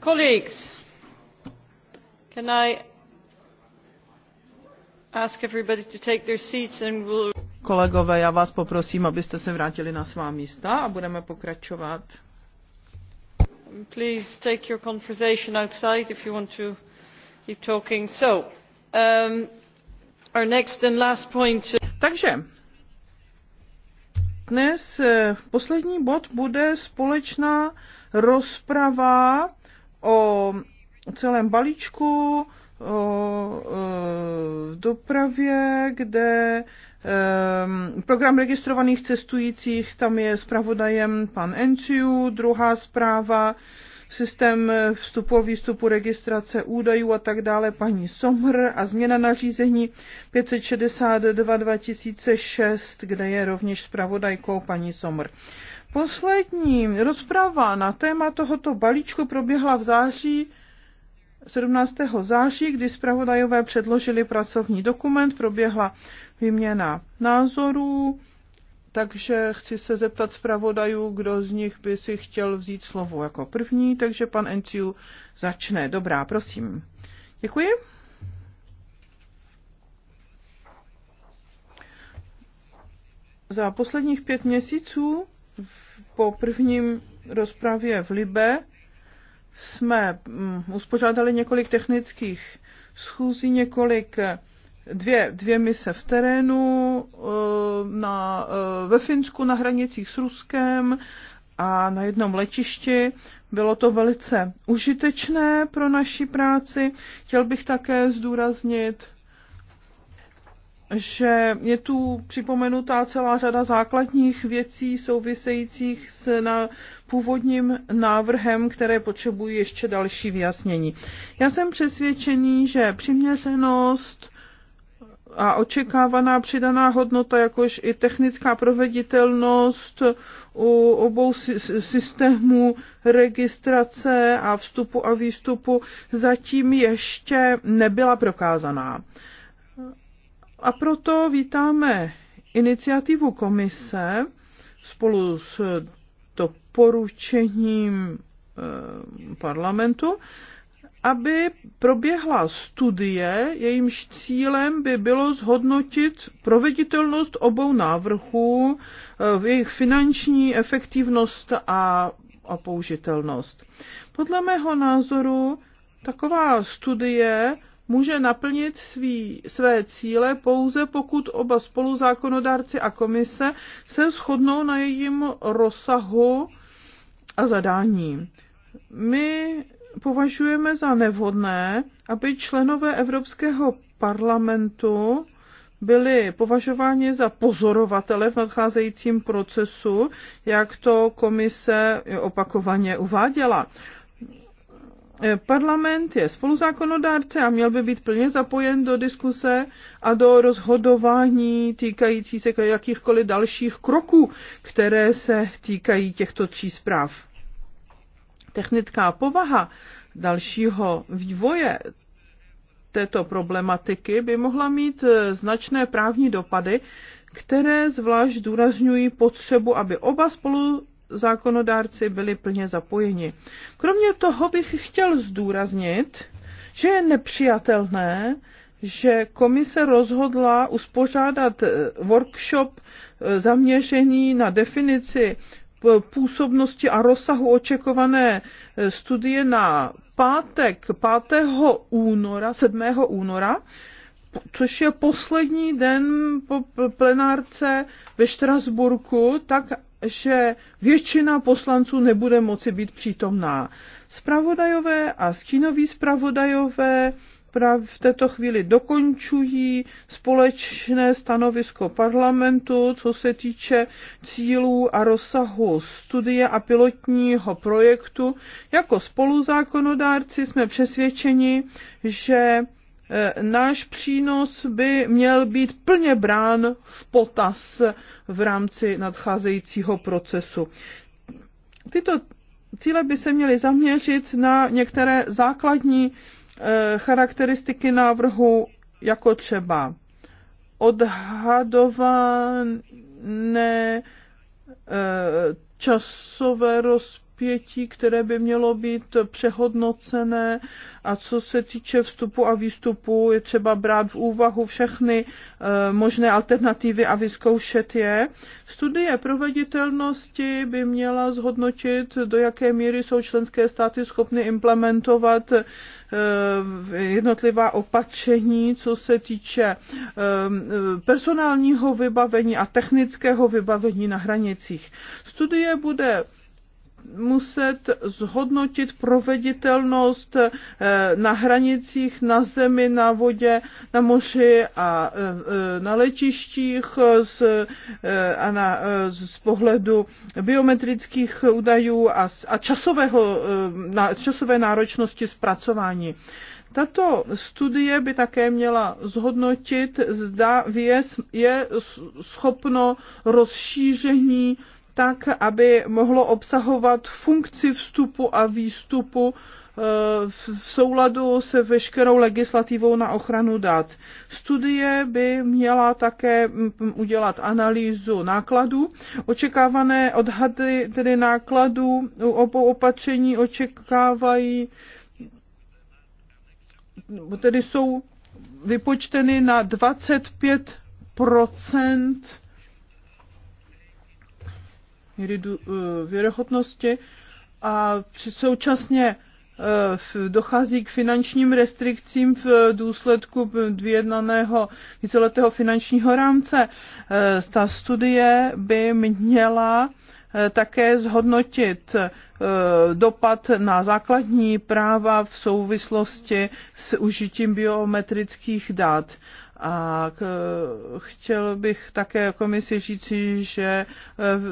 colleagues can i ask everybody to take their seats and we'll Kolegové, já vás poprosím, abyste se vrátili na svá místa a budeme pokračovat. Please take your conversation outside if you want to keep talking. So, um, our next and last point. Takže dnes eh, poslední bod bude společná rozprava o celém balíčku o dopravě, kde program registrovaných cestujících, tam je zpravodajem pan Enciu, druhá zpráva, systém vstupu, výstupu, registrace údajů a tak dále, paní Somr a změna nařízení 562 2006, kde je rovněž zpravodajkou paní Somr. Poslední rozprava na téma tohoto balíčku proběhla v září 17. září, kdy zpravodajové předložili pracovní dokument, proběhla výměna názorů, takže chci se zeptat zpravodajů, kdo z nich by si chtěl vzít slovo jako první, takže pan Enciu začne. Dobrá, prosím. Děkuji. Za posledních pět měsíců po prvním rozpravě v Libe jsme mm, uspořádali několik technických schůzí, několik dvě, dvě mise v terénu, eh, na, eh, ve Finsku na hranicích s Ruskem a na jednom letišti. Bylo to velice užitečné pro naši práci. Chtěl bych také zdůraznit že je tu připomenutá celá řada základních věcí souvisejících s na původním návrhem, které potřebují ještě další vyjasnění. Já jsem přesvědčený, že přiměřenost a očekávaná přidaná hodnota, jakož i technická proveditelnost u obou systémů registrace a vstupu a výstupu zatím ještě nebyla prokázaná. A proto vítáme iniciativu komise spolu s doporučením eh, parlamentu, aby proběhla studie, jejímž cílem by bylo zhodnotit proveditelnost obou návrhů, eh, jejich finanční efektivnost a, a použitelnost. Podle mého názoru taková studie může naplnit svý, své cíle pouze pokud oba spoluzákonodárci a komise se shodnou na jejím rozsahu a zadání. My považujeme za nevhodné, aby členové Evropského parlamentu byli považováni za pozorovatele v nadcházejícím procesu, jak to komise opakovaně uváděla. Eh, parlament je spoluzákonodárce a měl by být plně zapojen do diskuse a do rozhodování týkající se jakýchkoliv dalších kroků, které se týkají těchto tří zpráv. Technická povaha dalšího vývoje této problematiky by mohla mít eh, značné právní dopady, které zvlášť zdůrazňují potřebu, aby oba spolu zákonodárci byli plně zapojeni. Kromě toho bych chtěl zdůraznit, že je nepřijatelné, že komise rozhodla uspořádat eh, workshop eh, zaměřený na definici eh, působnosti a rozsahu očekované studie na pátek 5. února, 7. února což je poslední den po plenárce ve Štrasburku, tak že většina poslanců nebude moci být přítomná. Spravodajové a stínoví spravodajové v této chvíli dokončují společné stanovisko parlamentu, co se týče cílů a rozsahu studie a pilotního projektu. Jako spoluzákonodárci jsme přesvědčeni, že Eh, náš přínos by měl být plně brán v potaz v rámci nadcházejícího procesu. Tyto cíle by se měly zaměřit na některé základní eh, charakteristiky návrhu, jako třeba odhadované eh, časové roz napětí, které by mělo být přehodnocené a co se týče vstupu a výstupu, je třeba brát v úvahu všechny eh, možné alternativy a vyzkoušet je. Studie proveditelnosti by měla zhodnotit, do jaké míry jsou členské státy schopny implementovat eh, jednotlivá opatření, co se týče eh, personálního vybavení a technického vybavení na hranicích. Studie bude muset zhodnotit proveditelnost eh, na hranicích, na zemi, na vodě, na moři a eh, eh, na letištích z, a na, z pohledu biometrických údajů a, a časového, na, časové náročnosti zpracování. Tato studie by také měla zhodnotit, zda věc je schopno rozšíření tak, aby mohlo obsahovat funkci vstupu a výstupu eh, v souladu se veškerou legislativou na ochranu dat. Studie by měla také mm, mm, udělat analýzu nákladů. Očekávané odhady tedy nákladů obou opatření očekávají, tedy jsou vypočteny na 25 míry eh, věrohodnosti a současně eh, dochází k finančním restrikcím v důsledku vyjednaného víceletého finančního rámce. Eh, ta studie by měla také zhodnotit dopad na základní práva v souvislosti s užitím biometrických dat. A k, chtěl bych také komisi říci, že eh,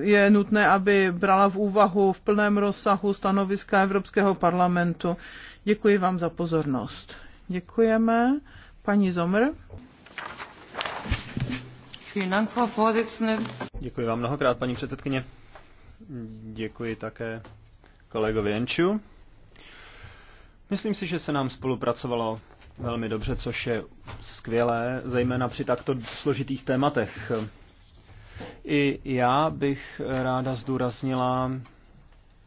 je nutné, aby brala v úvahu v plném rozsahu stanoviska Evropského parlamentu. Děkuji vám za pozornost. Děkujeme. Paní Zomr. Děkuji vám mnohokrát, paní předsedkyně. Děkuji také kolegovi Enču. Myslím si, že se nám spolupracovalo velmi dobře, což je skvělé, zejména při takto složitých tématech. I já bych ráda zdůraznila,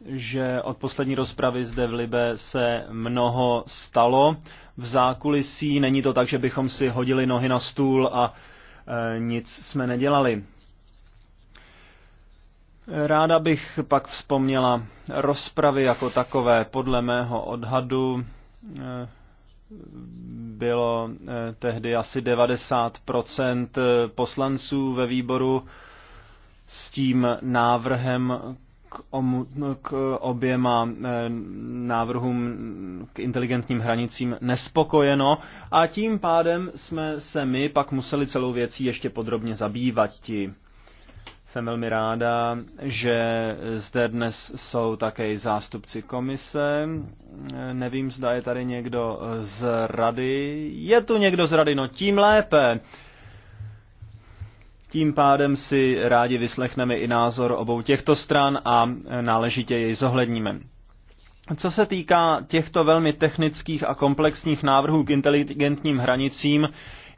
že od poslední rozpravy zde v Libe se mnoho stalo v zákulisí. Není to tak, že bychom si hodili nohy na stůl a e, nic jsme nedělali. Ráda bych pak vzpomněla rozpravy jako takové. Podle mého odhadu e, bylo eh, tehdy asi 90% eh, poslanců ve výboru s tím návrhem k, omu, k oběma eh, návrhům k inteligentním hranicím nespokojeno a tím pádem jsme se my pak museli celou věcí ještě podrobně zabývat. Ti jsem velmi ráda, že zde dnes jsou také zástupci komise. Nevím, zda je tady někdo z rady. Je tu někdo z rady, no tím lépe. Tím pádem si rádi vyslechneme i názor obou těchto stran a náležitě jej zohledníme. Co se týká těchto velmi technických a komplexních návrhů k inteligentním hranicím,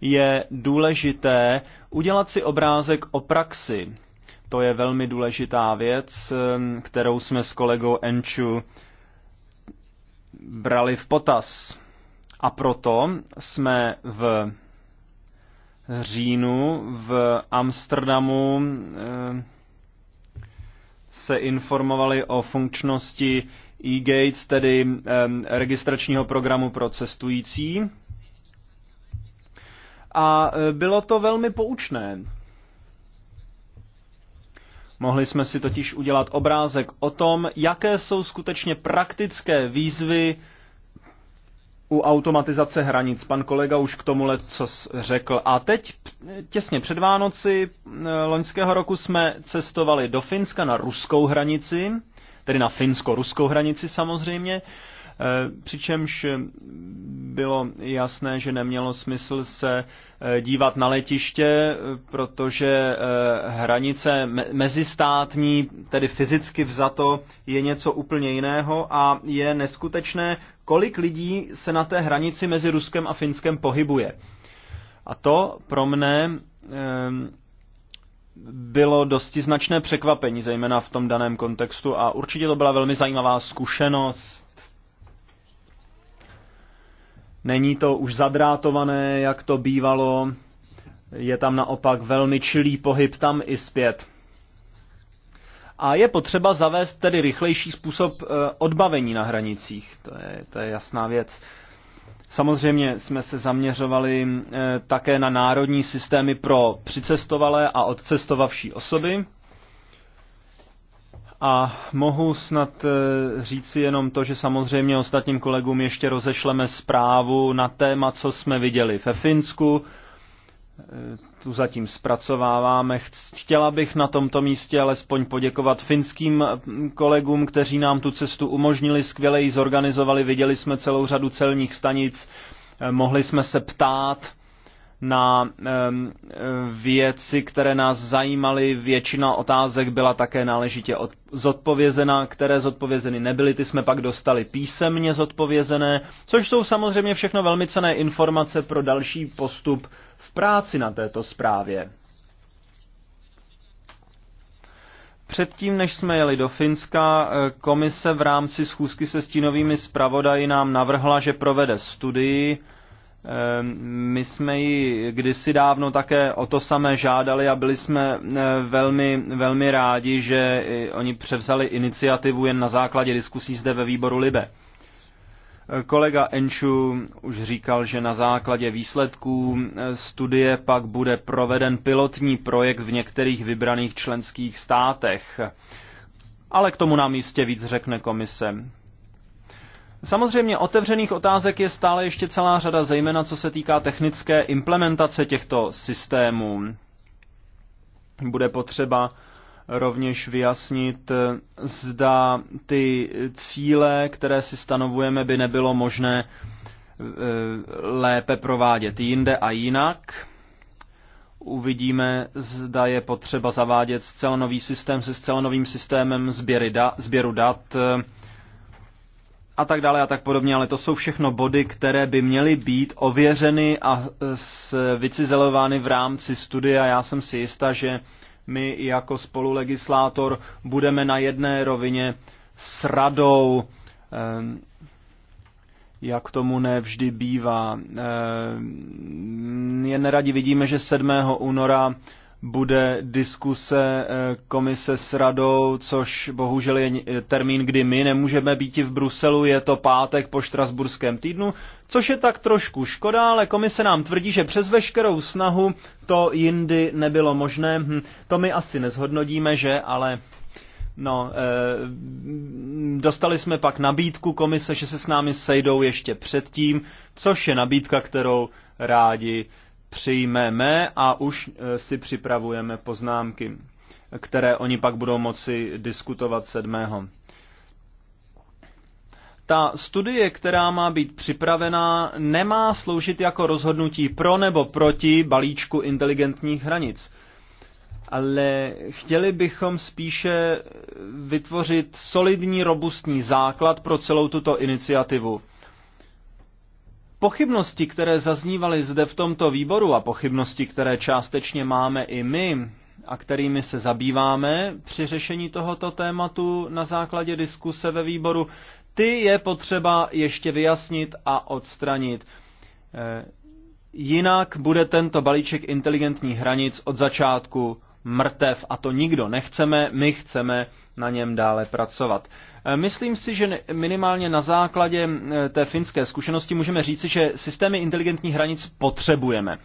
je důležité udělat si obrázek o praxi, to je velmi důležitá věc, kterou jsme s kolegou Enchu brali v potaz. A proto jsme v říjnu v Amsterdamu se informovali o funkčnosti e-gates, tedy registračního programu pro cestující. A e, bylo to velmi poučné. Mohli jsme si totiž udělat obrázek o tom, jaké jsou skutečně praktické výzvy u automatizace hranic. Pan kolega už k tomu let co řekl. A teď těsně před Vánoci eh, loňského roku jsme cestovali do Finska na ruskou hranici, tedy na finsko-ruskou hranici samozřejmě, Eh, přičemž bylo jasné, že nemělo smysl se eh, dívat na letiště, protože eh, hranice mezistátní, tedy fyzicky vzato, je něco úplně jiného a je neskutečné, kolik lidí se na té hranici mezi Ruskem a Finskem pohybuje. A to pro mne bylo dosti značné překvapení, zejména v tom daném kontextu a určitě to byla velmi zajímavá zkušenost. Není to už zadrátované, jak to bývalo. Je tam naopak velmi čilý pohyb tam i zpět. A je potřeba zavést tedy rychlejší způsob eh, odbavení na hranicích. To je, to je jasná věc. Samozřejmě jsme se zaměřovali eh, také na národní systémy pro přicestovalé a odcestovavší osoby. A mohu snad eh, říci jenom to, že samozřejmě ostatním kolegům ještě rozešleme zprávu na téma, co jsme viděli ve Finsku. Eh, tu zatím zpracováváme. Chtěla bych na tomto místě alespoň poděkovat finským hm, kolegům, kteří nám tu cestu umožnili, skvěle ji zorganizovali. Viděli jsme celou řadu celních stanic, eh, mohli jsme se ptát na věci, které nás zajímaly. Většina otázek byla také náležitě od, zodpovězena, které zodpovězeny nebyly, ty jsme pak dostali písemně zodpovězené, což jsou samozřejmě všechno velmi cené informace pro další postup v práci na této zprávě. Předtím, než jsme jeli do Finska, eh, komise v rámci schůzky se stínovými zpravodaji nám navrhla, že provede studii, Ehm, my jsme ji kdysi dávno také o to samé žádali a byli jsme eh, velmi, velmi rádi, že oni převzali iniciativu jen na základě diskusí zde ve výboru Libe. Eh, kolega Enču už říkal, že na základě výsledků eh, studie pak bude proveden pilotní projekt v některých vybraných členských státech. Ale k tomu nám jistě víc řekne komise. Samozřejmě otevřených otázek je stále ještě celá řada, zejména co se týká technické implementace těchto systémů. Bude potřeba rovněž vyjasnit, zda ty cíle, které si stanovujeme, by nebylo možné e, lépe provádět jinde a jinak. Uvidíme, zda je potřeba zavádět zcela nový systém se zcela novým systémem sběru dat, sběru dat a tak dále a tak podobně, ale to jsou všechno body, které by měly být ověřeny a vycizelovány v rámci studia. Já jsem si jistá, že my jako spolulegislátor budeme na jedné rovině s radou, ehm, jak tomu nevždy bývá. Ehm, jen neradi vidíme, že 7. února bude diskuse eh, komise s radou, což bohužel je termín, kdy my nemůžeme být v Bruselu, je to pátek po štrasburském týdnu, což je tak trošku škoda, ale komise nám tvrdí, že přes veškerou snahu to jindy nebylo možné. Hm, to my asi nezhodnodíme, že, ale No, e, dostali jsme pak nabídku komise, že se s námi sejdou ještě předtím, což je nabídka, kterou rádi přijmeme a už e, si připravujeme poznámky, které oni pak budou moci diskutovat sedmého. Ta studie, která má být připravená, nemá sloužit jako rozhodnutí pro nebo proti balíčku inteligentních hranic ale chtěli bychom spíše vytvořit solidní, robustní základ pro celou tuto iniciativu. Pochybnosti, které zaznívaly zde v tomto výboru a pochybnosti, které částečně máme i my a kterými se zabýváme při řešení tohoto tématu na základě diskuse ve výboru, ty je potřeba ještě vyjasnit a odstranit. Eh, jinak bude tento balíček inteligentních hranic od začátku mrtev a to nikdo nechceme, my chceme na něm dále pracovat. E, myslím si, že minimálně na základě té finské zkušenosti můžeme říci, že systémy inteligentních hranic potřebujeme.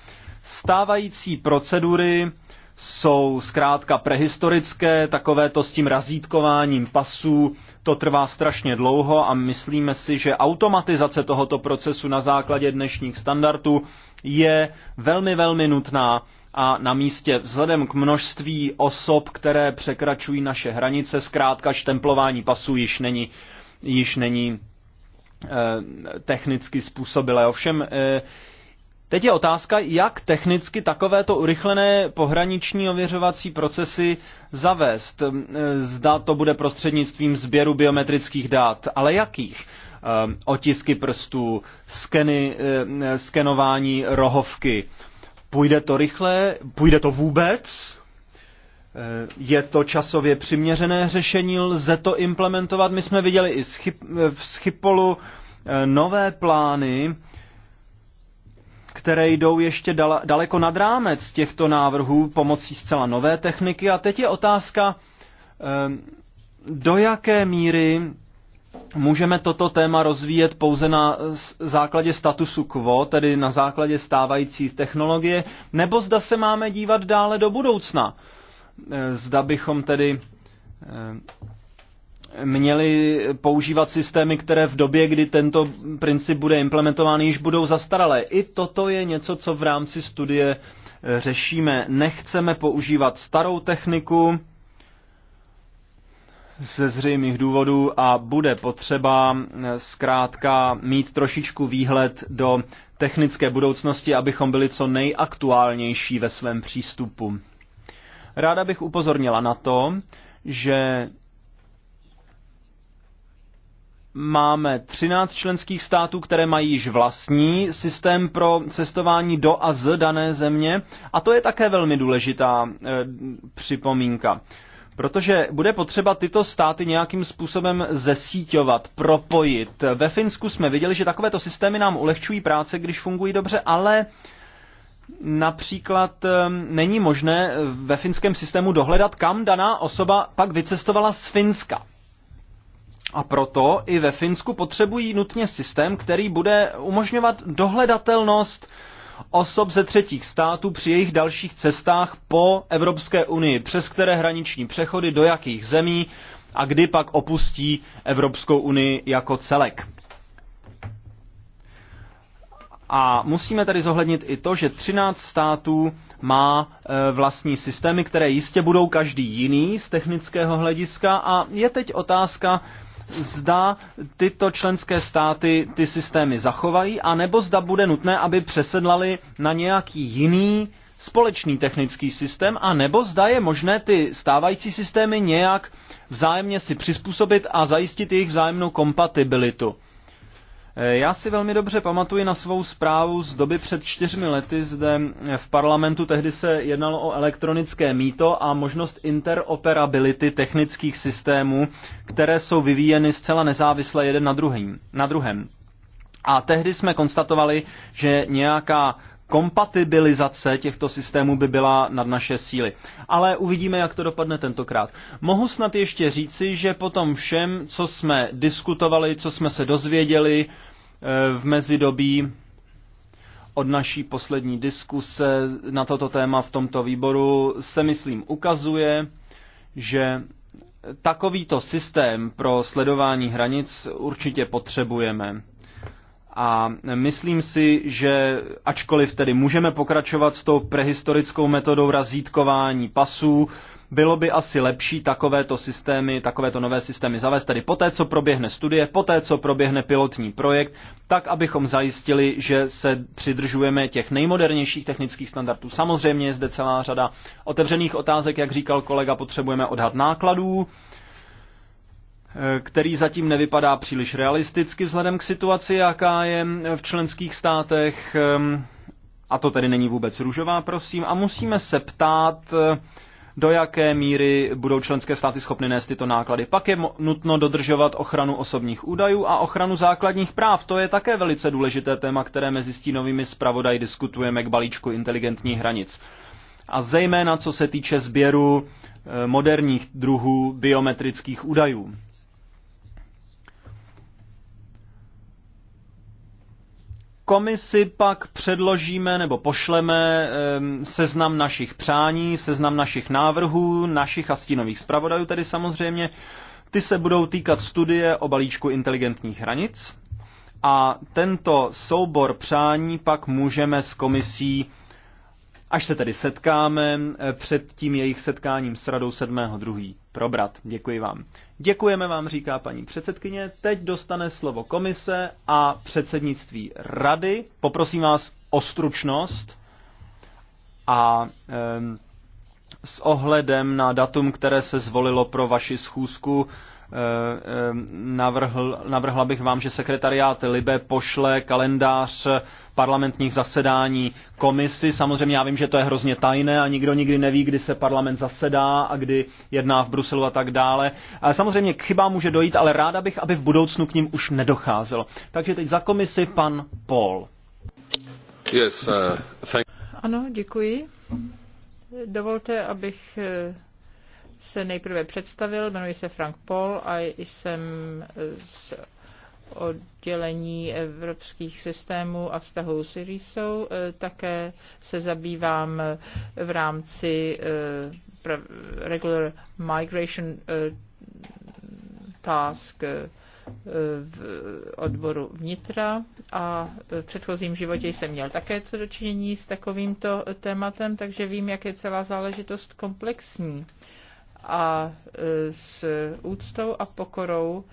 Stávající procedury jsou zkrátka prehistorické, takové to s tím razítkováním pasů, to trvá strašně dlouho a myslíme si, že automatizace tohoto procesu na základě dnešních standardů je velmi, velmi nutná a na místě. Vzhledem k množství osob, které překračují naše hranice, zkrátka štemplování pasů již není, již není eh, technicky způsobilé. Ovšem, eh, Teď je otázka, jak technicky takovéto urychlené pohraniční ověřovací procesy zavést. Eh, zda to bude prostřednictvím sběru biometrických dát, ale jakých? Eh, otisky prstů, skeny, eh, skenování rohovky, Půjde to rychle? Půjde to vůbec? Eh, je to časově přiměřené řešení? Lze to implementovat? My jsme viděli i v Schipolu eh, nové plány, které jdou ještě daleko nad rámec těchto návrhů pomocí zcela nové techniky. A teď je otázka, eh, do jaké míry můžeme toto téma rozvíjet pouze na základě statusu quo, tedy na základě stávající technologie, nebo zda se máme dívat dále do budoucna. Eh, zda bychom tedy eh, měli používat systémy, které v době, kdy tento princip bude implementován, již budou zastaralé. I toto je něco, co v rámci studie eh, řešíme. Nechceme používat starou techniku, ze zřejmých důvodů a bude potřeba eh, zkrátka mít trošičku výhled do technické budoucnosti, abychom byli co nejaktuálnější ve svém přístupu. Ráda bych upozornila na to, že máme 13 členských států, které mají již vlastní systém pro cestování do a z dané země a to je také velmi důležitá e, připomínka. Protože bude potřeba tyto státy nějakým způsobem zesíťovat, propojit. Ve Finsku jsme viděli, že takovéto systémy nám ulehčují práce, když fungují dobře, ale například není možné ve finském systému dohledat, kam daná osoba pak vycestovala z Finska. A proto i ve Finsku potřebují nutně systém, který bude umožňovat dohledatelnost osob ze třetích států při jejich dalších cestách po Evropské unii, přes které hraniční přechody, do jakých zemí a kdy pak opustí Evropskou unii jako celek. A musíme tady zohlednit i to, že 13 států má e, vlastní systémy, které jistě budou každý jiný z technického hlediska a je teď otázka, zda tyto členské státy ty systémy zachovají, anebo zda bude nutné, aby přesedlali na nějaký jiný společný technický systém, a nebo zda je možné ty stávající systémy nějak vzájemně si přizpůsobit a zajistit jejich vzájemnou kompatibilitu. Eh, já si velmi dobře pamatuji na svou zprávu z doby před čtyřmi lety zde eh, v parlamentu. Tehdy se jednalo o elektronické mýto a možnost interoperability technických systémů, které jsou vyvíjeny zcela nezávisle jeden na, druhým, na druhém. A tehdy jsme konstatovali, že nějaká kompatibilizace těchto systémů by byla nad naše síly. Ale uvidíme, jak to dopadne tentokrát. Mohu snad ještě říci, že potom všem, co jsme diskutovali, co jsme se dozvěděli v mezidobí od naší poslední diskuse na toto téma v tomto výboru se, myslím, ukazuje, že takovýto systém pro sledování hranic určitě potřebujeme. A myslím si, že ačkoliv tedy můžeme pokračovat s tou prehistorickou metodou razítkování pasů, bylo by asi lepší takovéto systémy, takovéto nové systémy zavést, tedy poté, co proběhne studie, poté, co proběhne pilotní projekt, tak, abychom zajistili, že se přidržujeme těch nejmodernějších technických standardů. Samozřejmě je zde celá řada otevřených otázek, jak říkal kolega, potřebujeme odhad nákladů, eh, který zatím nevypadá příliš realisticky vzhledem k situaci, jaká je v členských státech. Ehm, a to tedy není vůbec růžová, prosím. A musíme se ptát, eh, do jaké míry budou členské státy schopny nést tyto náklady. Pak je nutno dodržovat ochranu osobních údajů a ochranu základních práv. To je také velice důležité téma, které mezi stínovými zpravodaji diskutujeme k balíčku inteligentních hranic. A zejména co se týče sběru eh, moderních druhů biometrických údajů. Komisi pak předložíme nebo pošleme ehm, seznam našich přání, seznam našich návrhů, našich a stínových zpravodajů tedy samozřejmě. Ty se budou týkat studie o balíčku inteligentních hranic a tento soubor přání pak můžeme s komisí až se tedy setkáme eh, před tím jejich setkáním s radou 7.2. probrat. Děkuji vám. Děkujeme vám, říká paní předsedkyně. Teď dostane slovo komise a předsednictví rady. Poprosím vás o stručnost a e, s ohledem na datum, které se zvolilo pro vaši schůzku, Eh, eh, navrhl, navrhla bych vám, že sekretariát Libe pošle kalendář parlamentních zasedání komisy. Samozřejmě já vím, že to je hrozně tajné a nikdo nikdy neví, kdy se parlament zasedá a kdy jedná v Bruselu a tak dále. A samozřejmě k chybám může dojít, ale ráda bych, aby v budoucnu k ním už nedocházelo. Takže teď za komisi pan Paul. Yes, uh, thank... Ano, děkuji. Dovolte, abych eh, se nejprve představil, jmenuji se Frank Paul a jsem z oddělení evropských systémů a vztahů s Irisou. Také se zabývám v rámci eh, Regular Migration eh, Task eh, v odboru vnitra a v předchozím životě jsem měl také co dočinění s takovýmto tématem, takže vím, jak je celá záležitost komplexní a e, s úctou a pokorou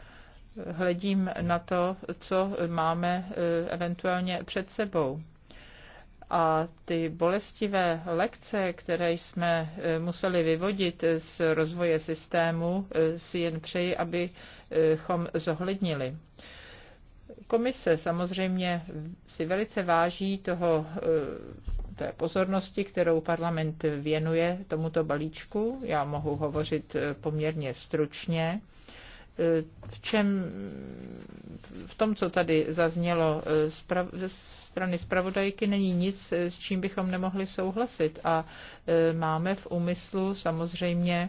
hledím na to, co máme e, eventuálně před sebou. A ty bolestivé lekce, které jsme e, museli vyvodit z rozvoje systému, si jen přeji, abychom zohlednili. Komise samozřejmě si velice váží toho, eh, té pozornosti, kterou parlament věnuje tomuto balíčku. Já mohu hovořit eh, poměrně stručně. Eh, v, čem, v tom, co tady zaznělo ze strany zpravodajky, není nic, s čím bychom nemohli souhlasit. A máme v úmyslu samozřejmě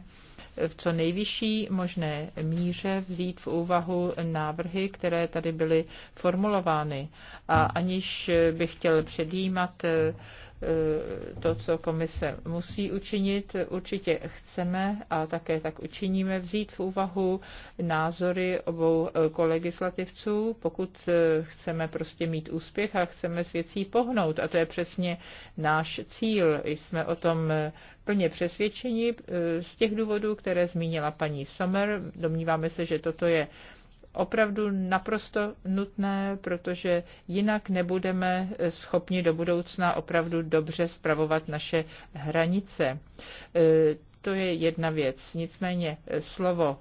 v co nejvyšší možné míře vzít v úvahu návrhy, které tady byly formulovány. A hmm. aniž bych chtěl předjímat eh, Eh, to, co komise musí učinit. Určitě chceme a také tak učiníme vzít v úvahu názory obou eh, kolegislativců, pokud eh, chceme prostě mít úspěch a chceme s věcí pohnout. A to je přesně náš cíl. Jsme o tom plně přesvědčeni z těch důvodů, které zmínila paní Sommer. Domníváme se, že toto je opravdu naprosto nutné, protože jinak nebudeme schopni do budoucna opravdu dobře spravovat naše hranice to je jedna věc. Nicméně eh, slovo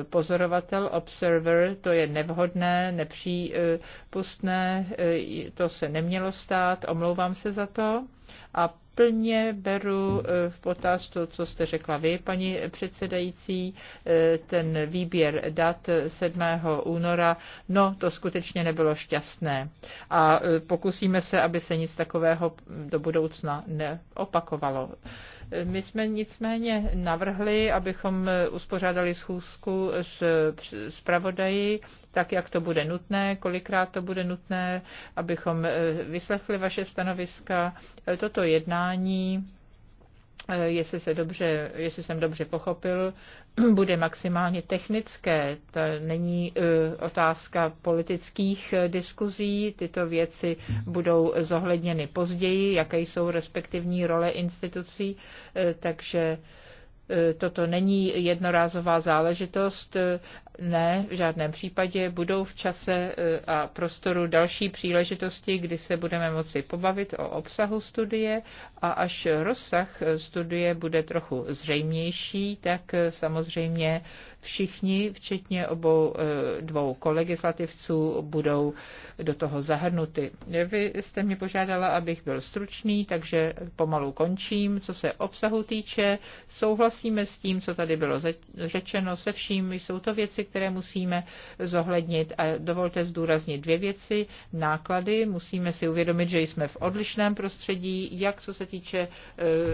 eh, pozorovatel, observer, to je nevhodné, nepřípustné, eh, to se nemělo stát, omlouvám se za to. A plně beru v potaz to, co jste řekla vy, paní předsedající, ten výběr dat 7. února, no to skutečně nebylo šťastné. A pokusíme se, aby se nic takového do budoucna neopakovalo. My jsme nicméně navrhli, abychom uspořádali schůzku s zpravodají, tak jak to bude nutné, kolikrát to bude nutné, abychom eh, vyslechli vaše stanoviska. Eh, toto jednání eh, jestli, se dobře, jestli jsem dobře pochopil, bude maximálně technické. To není e, otázka politických e, diskuzí. Tyto věci budou zohledněny později, jaké jsou respektivní role institucí, e, takže toto není jednorázová záležitost ne, v žádném případě. Budou v čase e, a prostoru další příležitosti, kdy se budeme moci pobavit o obsahu studie a až rozsah e, studie bude trochu zřejmější, tak e, samozřejmě všichni, včetně obou dvou kolegislativců, budou do toho zahrnuty. Vy jste mě požádala, abych byl stručný, takže pomalu končím. Co se obsahu týče, souhlasíme s tím, co tady bylo řečeno, se vším. Jsou to věci, které musíme zohlednit. A dovolte zdůraznit dvě věci. Náklady. Musíme si uvědomit, že jsme v odlišném prostředí, jak co se týče e,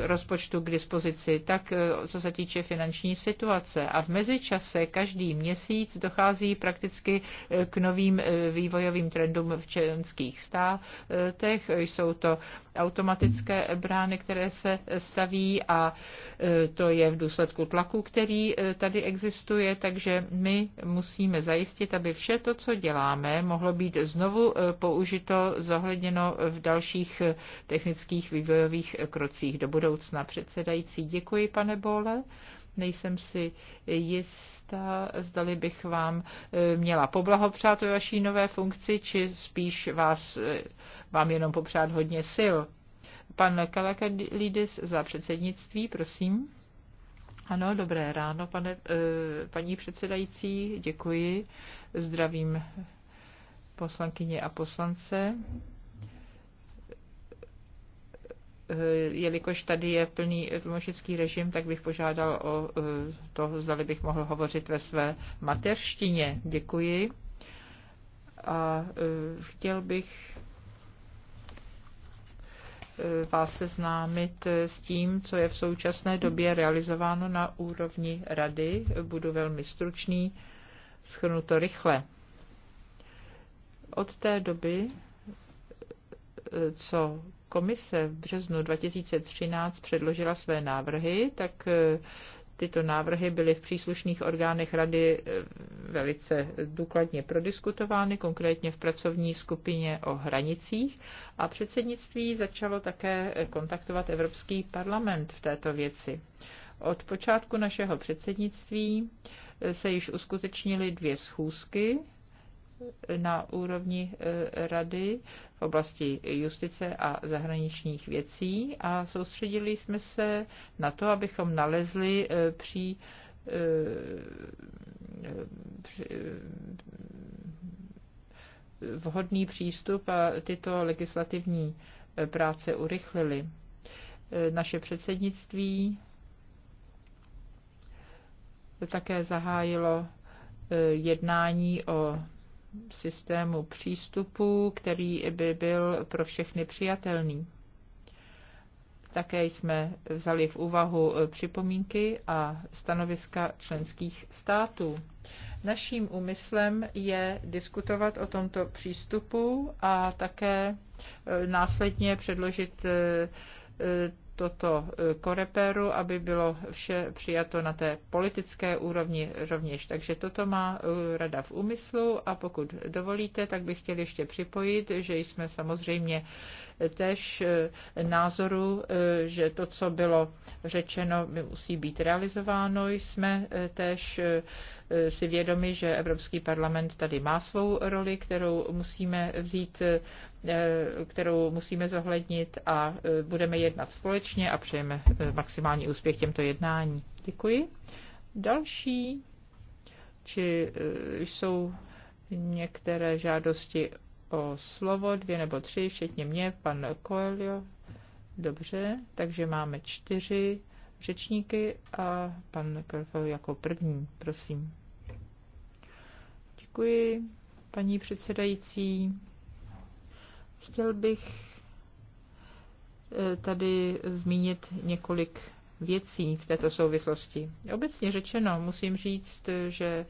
rozpočtu k dispozici, tak e, co se týče finanční situace. A v mezičase každý měsíc dochází prakticky e, k novým vývojovým trendům v členských státech. Jsou to automatické brány, které se staví a to je v důsledku tlaku, který tady existuje, takže my musíme zajistit, aby vše to, co děláme, mohlo být znovu eh, použito, zohledněno v dalších eh, technických vývojových eh, krocích do budoucna. Předsedající, děkuji, pane Bole nejsem si jistá, zdali bych vám měla poblahopřát ve vaší nové funkci, či spíš vás, vám jenom popřát hodně sil. Pan Kalakadlidis za předsednictví, prosím. Ano, dobré ráno, pane, eh, paní předsedající, děkuji. Zdravím poslankyně a poslance. Eh, jelikož tady je plný tlumočnický režim, tak bych požádal o eh, to, zda bych mohl hovořit ve své materštině. Děkuji. A chtěl bych vás seznámit s tím, co je v současné době realizováno na úrovni rady. Budu velmi stručný, schrnu to rychle. Od té doby, co komise v březnu 2013 předložila své návrhy, tak Tyto návrhy byly v příslušných orgánech rady eh, velice důkladně prodiskutovány, konkrétně v pracovní skupině o hranicích a předsednictví začalo také eh, kontaktovat Evropský parlament v této věci. Od počátku našeho předsednictví eh, se již uskutečnily dvě schůzky na úrovni e, rady v oblasti justice a zahraničních věcí a soustředili jsme se na to, abychom nalezli při, e, při e, vhodný přístup a tyto legislativní práce urychlili. Naše předsednictví také zahájilo jednání o systému přístupu, který by byl pro všechny přijatelný. Také jsme vzali v úvahu e, připomínky a stanoviska členských států. Naším úmyslem je diskutovat o tomto přístupu a také e, následně předložit e, toto e, koreperu, aby bylo vše přijato na té politické úrovni rovněž. Takže toto má e, rada v úmyslu a pokud dovolíte, tak bych chtěl ještě připojit, že jsme samozřejmě tež e, názoru, že to, co bylo řečeno, musí být realizováno. Jsme tež si vědomi, že Evropský parlament tady má svou roli, kterou musíme vzít, eh, kterou musíme zohlednit a eh, budeme jednat společně a přejeme eh, maximální úspěch těmto jednání. Děkuji. Další, či jsou některé žádosti o slovo, dvě nebo tři, včetně mě, pan Coelho. Dobře, takže máme čtyři řečníky a pan Krfel jako první, prosím. Děkuji, paní předsedající. Chtěl bych eh, tady zmínit několik věcí v této souvislosti. Obecně řečeno, musím říct, že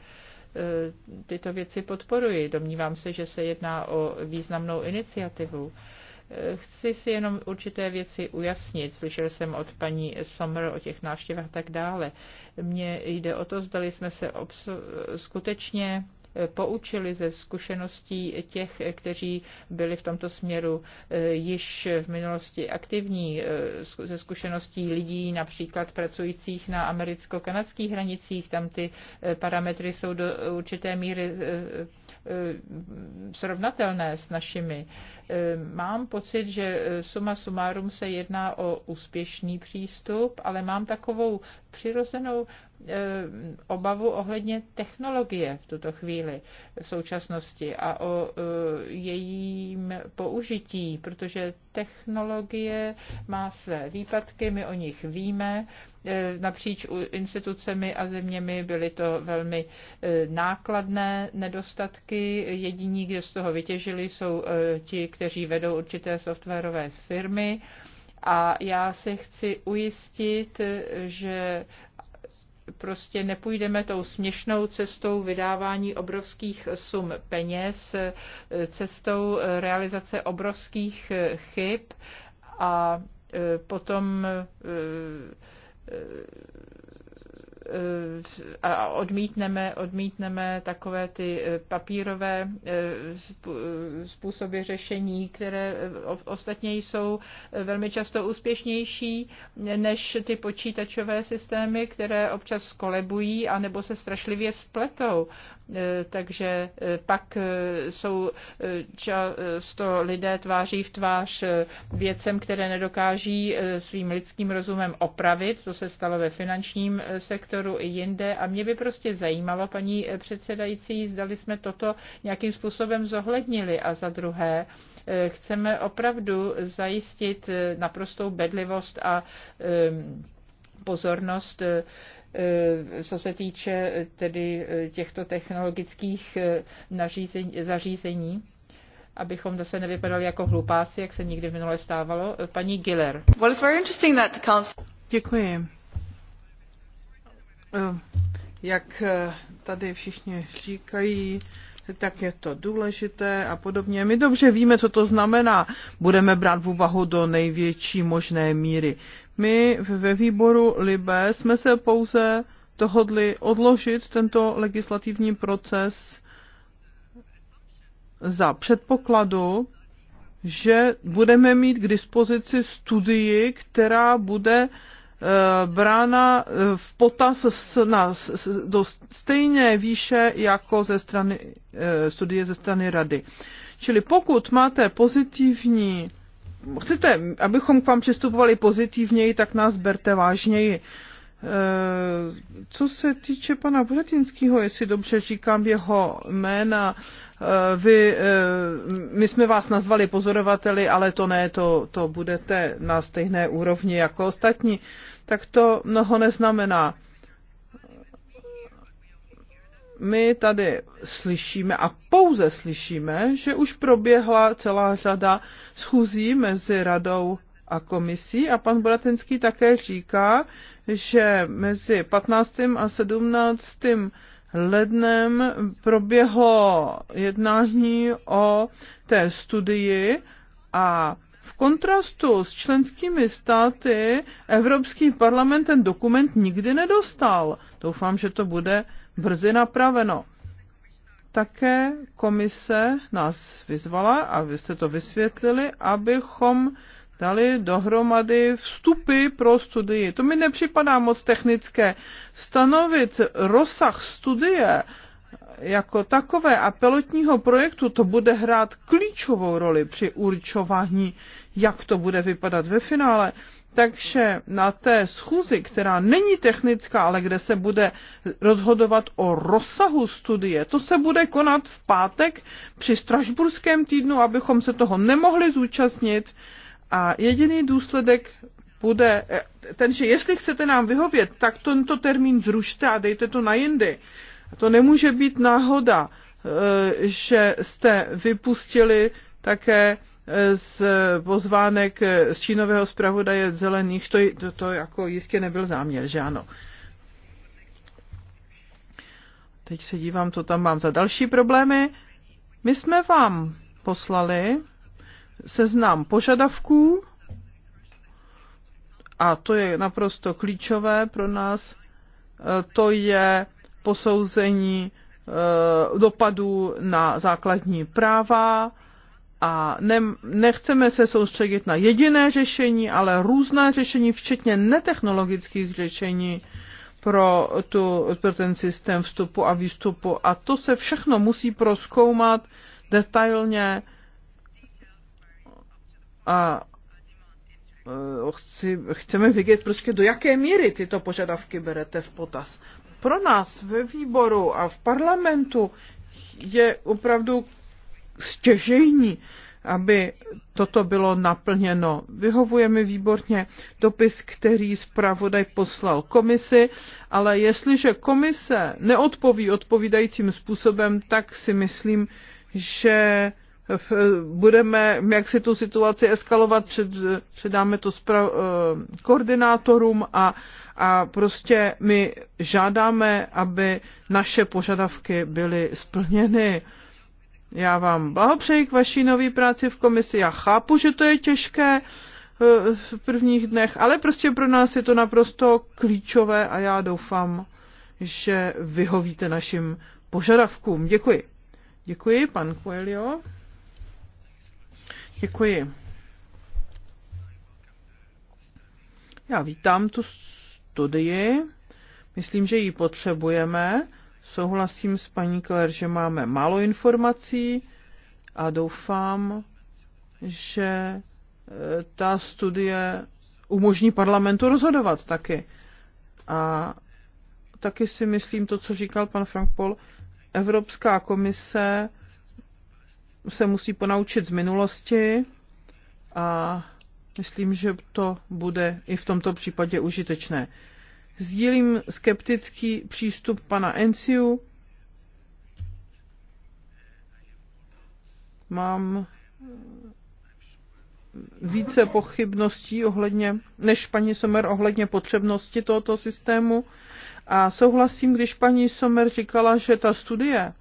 eh, tyto věci podporuji. Domnívám se, že se jedná o významnou iniciativu. Chci si jenom určité věci ujasnit. Slyšel jsem od paní Sommer o těch návštěvách a tak dále. Mně jde o to, zdali jsme se skutečně poučili ze zkušeností těch, kteří byli v tomto směru eh, již v minulosti aktivní, eh, ze zkušeností lidí například pracujících na americko-kanadských hranicích. Tam ty eh, parametry jsou do určité míry Eh, srovnatelné s našimi. Eh, mám pocit, že eh, suma sumárum se jedná o úspěšný přístup, ale mám takovou přirozenou eh, obavu ohledně technologie v tuto chvíli v současnosti a o eh, jejím použití, protože technologie má své výpadky, my o nich víme. Eh, napříč institucemi a zeměmi byly to velmi nákladné nedostatky. Jediní, kde z toho vytěžili, jsou ti, kteří vedou určité softwarové firmy. A já se chci ujistit, že prostě nepůjdeme tou směšnou cestou vydávání obrovských sum peněz, cestou realizace obrovských chyb a potom Eh, a odmítneme, odmítneme takové ty eh, papírové eh, způsoby řešení, které ostatně jsou velmi často úspěšnější než ty počítačové systémy, které občas kolebují anebo se strašlivě spletou. Eh, takže eh, pak eh, jsou často lidé tváří v tvář věcem, které nedokáží svým lidským rozumem opravit. To se stalo ve finančním sektoru i jinde. A mě by prostě zajímalo, paní předsedající, zdali jsme toto nějakým způsobem zohlednili. A za druhé, chceme opravdu zajistit naprostou bedlivost a ehm, pozornost Eh, co se týče eh, tedy eh, těchto technologických zařízení, abychom zase nevypadali jako hlupáci, jak se nikdy v minule stávalo. Paní Giller. Well, it's very interesting that council... Děkuji. Jak tady všichni říkají, tak je to důležité a podobně. My dobře víme, co to znamená. Budeme brát v úvahu do největší možné míry. My ve výboru LIBE jsme se pouze dohodli odložit tento legislativní proces za předpokladu, že budeme mít k dispozici studii, která bude eh, brána eh, v potaz na, do stejné výše jako ze strany, eh, studie ze strany rady. Čili pokud máte pozitivní chcete, abychom k vám přistupovali pozitivněji, tak nás berte vážněji. E, co se týče pana Bretinského, jestli dobře říkám jeho jména, e, vy, e, my jsme vás nazvali pozorovateli, ale to ne, to, to budete na stejné úrovni jako ostatní, tak to mnoho neznamená my tady slyšíme a pouze slyšíme, že už proběhla celá řada schůzí mezi radou a komisí a pan Bratenský také říká, že mezi 15. a 17. lednem proběhlo jednání o té studii a v kontrastu s členskými státy Evropský parlament ten dokument nikdy nedostal. Doufám, že to bude brzy napraveno. Také komise nás vyzvala, a vy jste to vysvětlili, abychom dali dohromady vstupy pro studii. To mi nepřipadá moc technické. Stanovit rozsah studie jako takové a pilotního projektu to bude hrát klíčovou roli při určování, jak to bude vypadat ve finále. Takže na té schůzi, která není technická, ale kde se bude rozhodovat o rozsahu studie, to se bude konat v pátek při Strašburském týdnu, abychom se toho nemohli zúčastnit. A jediný důsledek bude ten, že jestli chcete nám vyhovět, tak tento termín zrušte a dejte to na jindy. To nemůže být náhoda, e, že jste vypustili také z pozvánek z čínového zpravodaje zelených, to, to, to jako jistě nebyl záměr, že ano. Teď se dívám, co tam mám za další problémy. My jsme vám poslali seznam požadavků a to je naprosto klíčové pro nás. E, to je posouzení e, dopadů na základní práva, a ne, nechceme se soustředit na jediné řešení, ale různá řešení, včetně netechnologických řešení pro, tu, pro ten systém vstupu a výstupu. A to se všechno musí proskoumat detailně a eh, chci, chceme vědět prostě do jaké míry tyto požadavky berete v potaz. Pro nás ve výboru a v parlamentu je opravdu stěžejní, aby toto bylo naplněno. Vyhovujeme výborně dopis, který zpravodaj poslal komisi, ale jestliže komise neodpoví odpovídajícím způsobem, tak si myslím, že eh, budeme, jak si tu situaci eskalovat, před, předáme to spra- eh, koordinátorům a, a prostě my žádáme, aby naše požadavky byly splněny. Já vám blahopřeji k vaší nové práci v komisi. Já chápu, že to je těžké eh, v prvních dnech, ale prostě pro nás je to naprosto klíčové a já doufám, že vyhovíte našim požadavkům. Děkuji. Děkuji, pan Coelho. Děkuji. Já vítám tu studii. Myslím, že ji potřebujeme Souhlasím s paní Keller, že máme málo informací a doufám, že eh, ta studie umožní parlamentu rozhodovat taky. A taky si myslím to, co říkal pan Frank Paul, Evropská komise se musí ponaučit z minulosti a myslím, že to bude i v tomto případě užitečné sdílím skeptický přístup pana Enciu. Mám eh, více pochybností ohledně, než paní Somer ohledně potřebnosti tohoto systému. A souhlasím, když paní Somer říkala, že ta studie,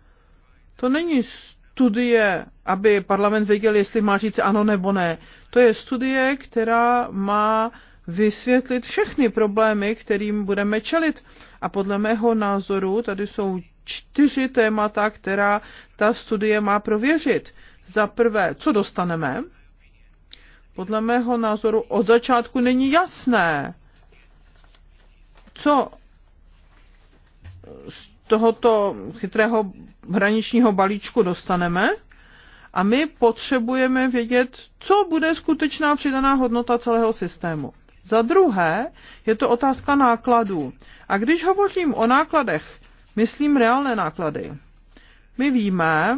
to není studie, aby parlament věděl, jestli má říct ano nebo ne. To je studie, která má vysvětlit všechny problémy, kterým budeme čelit. A podle mého názoru tady jsou čtyři témata, která ta studie má prověřit. Za prvé, co dostaneme? Podle mého názoru od začátku není jasné, co z tohoto chytrého hraničního balíčku dostaneme. A my potřebujeme vědět, co bude skutečná přidaná hodnota celého systému. Za druhé je to otázka nákladů. A když hovořím o nákladech, myslím reálné náklady. My víme,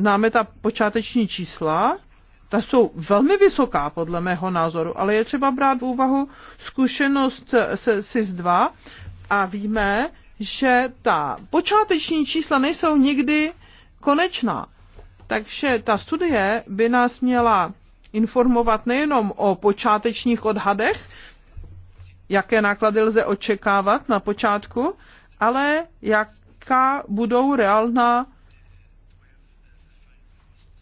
máme ta počáteční čísla, ta jsou velmi vysoká podle mého názoru, ale je třeba brát v úvahu zkušenost se SIS-2 a víme, že ta počáteční čísla nejsou nikdy konečná. Takže ta studie by nás měla informovat nejenom o počátečních odhadech, jaké náklady lze očekávat na počátku, ale jaká budou reálná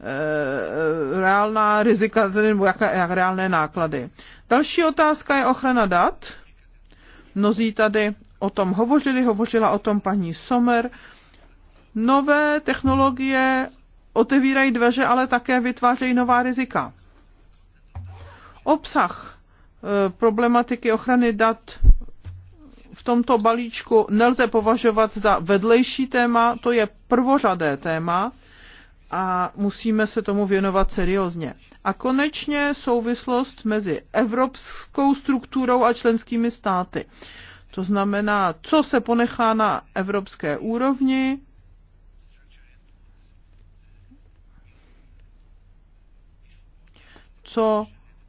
eh, reálná rizika nebo jaké, jak reálné náklady. Další otázka je ochrana dat. Mnozí tady o tom hovořili, hovořila o tom paní Sommer. Nové technologie otevírají dveře, ale také vytvářejí nová rizika. Obsah eh, problematiky ochrany dat v tomto balíčku nelze považovat za vedlejší téma, to je prvořadé téma a musíme se tomu věnovat seriózně. A konečně souvislost mezi evropskou strukturou a členskými státy. To znamená, co se ponechá na evropské úrovni, co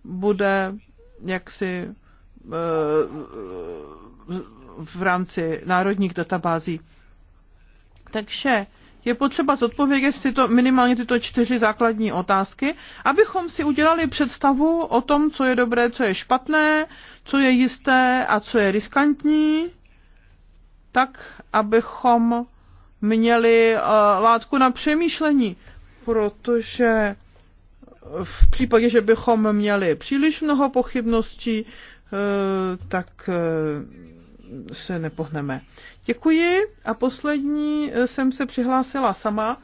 bude jaksi eh, v rámci národních databází. Takže je potřeba zodpovědět tyto, minimálně tyto čtyři základní otázky, abychom si udělali představu o tom, co je dobré, co je špatné, co je jisté a co je riskantní, tak abychom měli uh, látku na přemýšlení, protože v případě, že bychom měli příliš mnoho pochybností, eh, tak eh, se nepohneme. Děkuji a poslední eh, jsem se přihlásila sama.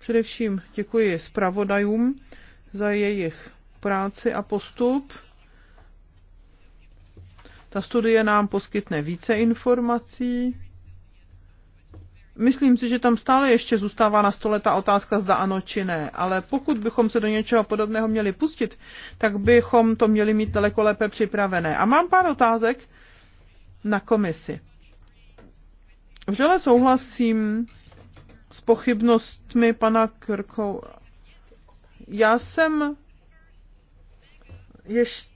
Především děkuji zpravodajům za jejich práci a postup. Ta studie nám poskytne více informací Myslím si, že tam stále ještě zůstává na stole ta otázka, zda ano či ne, ale pokud bychom se do něčeho podobného měli pustit, tak bychom to měli mít daleko lépe připravené. A mám pár otázek na komisi. Vřele souhlasím s pochybnostmi pana Krkou. Já jsem ještě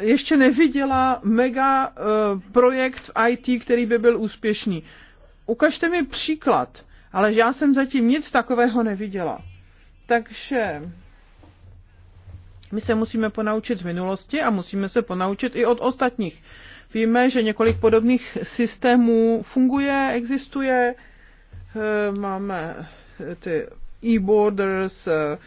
ještě neviděla mega eh, projekt v IT, který by byl úspěšný. Ukažte mi příklad, ale já jsem zatím nic takového neviděla. Takže my se musíme ponaučit z minulosti a musíme se ponaučit i od ostatních. Víme, že několik podobných systémů funguje, existuje. Eh, máme eh, ty e-borders, eh,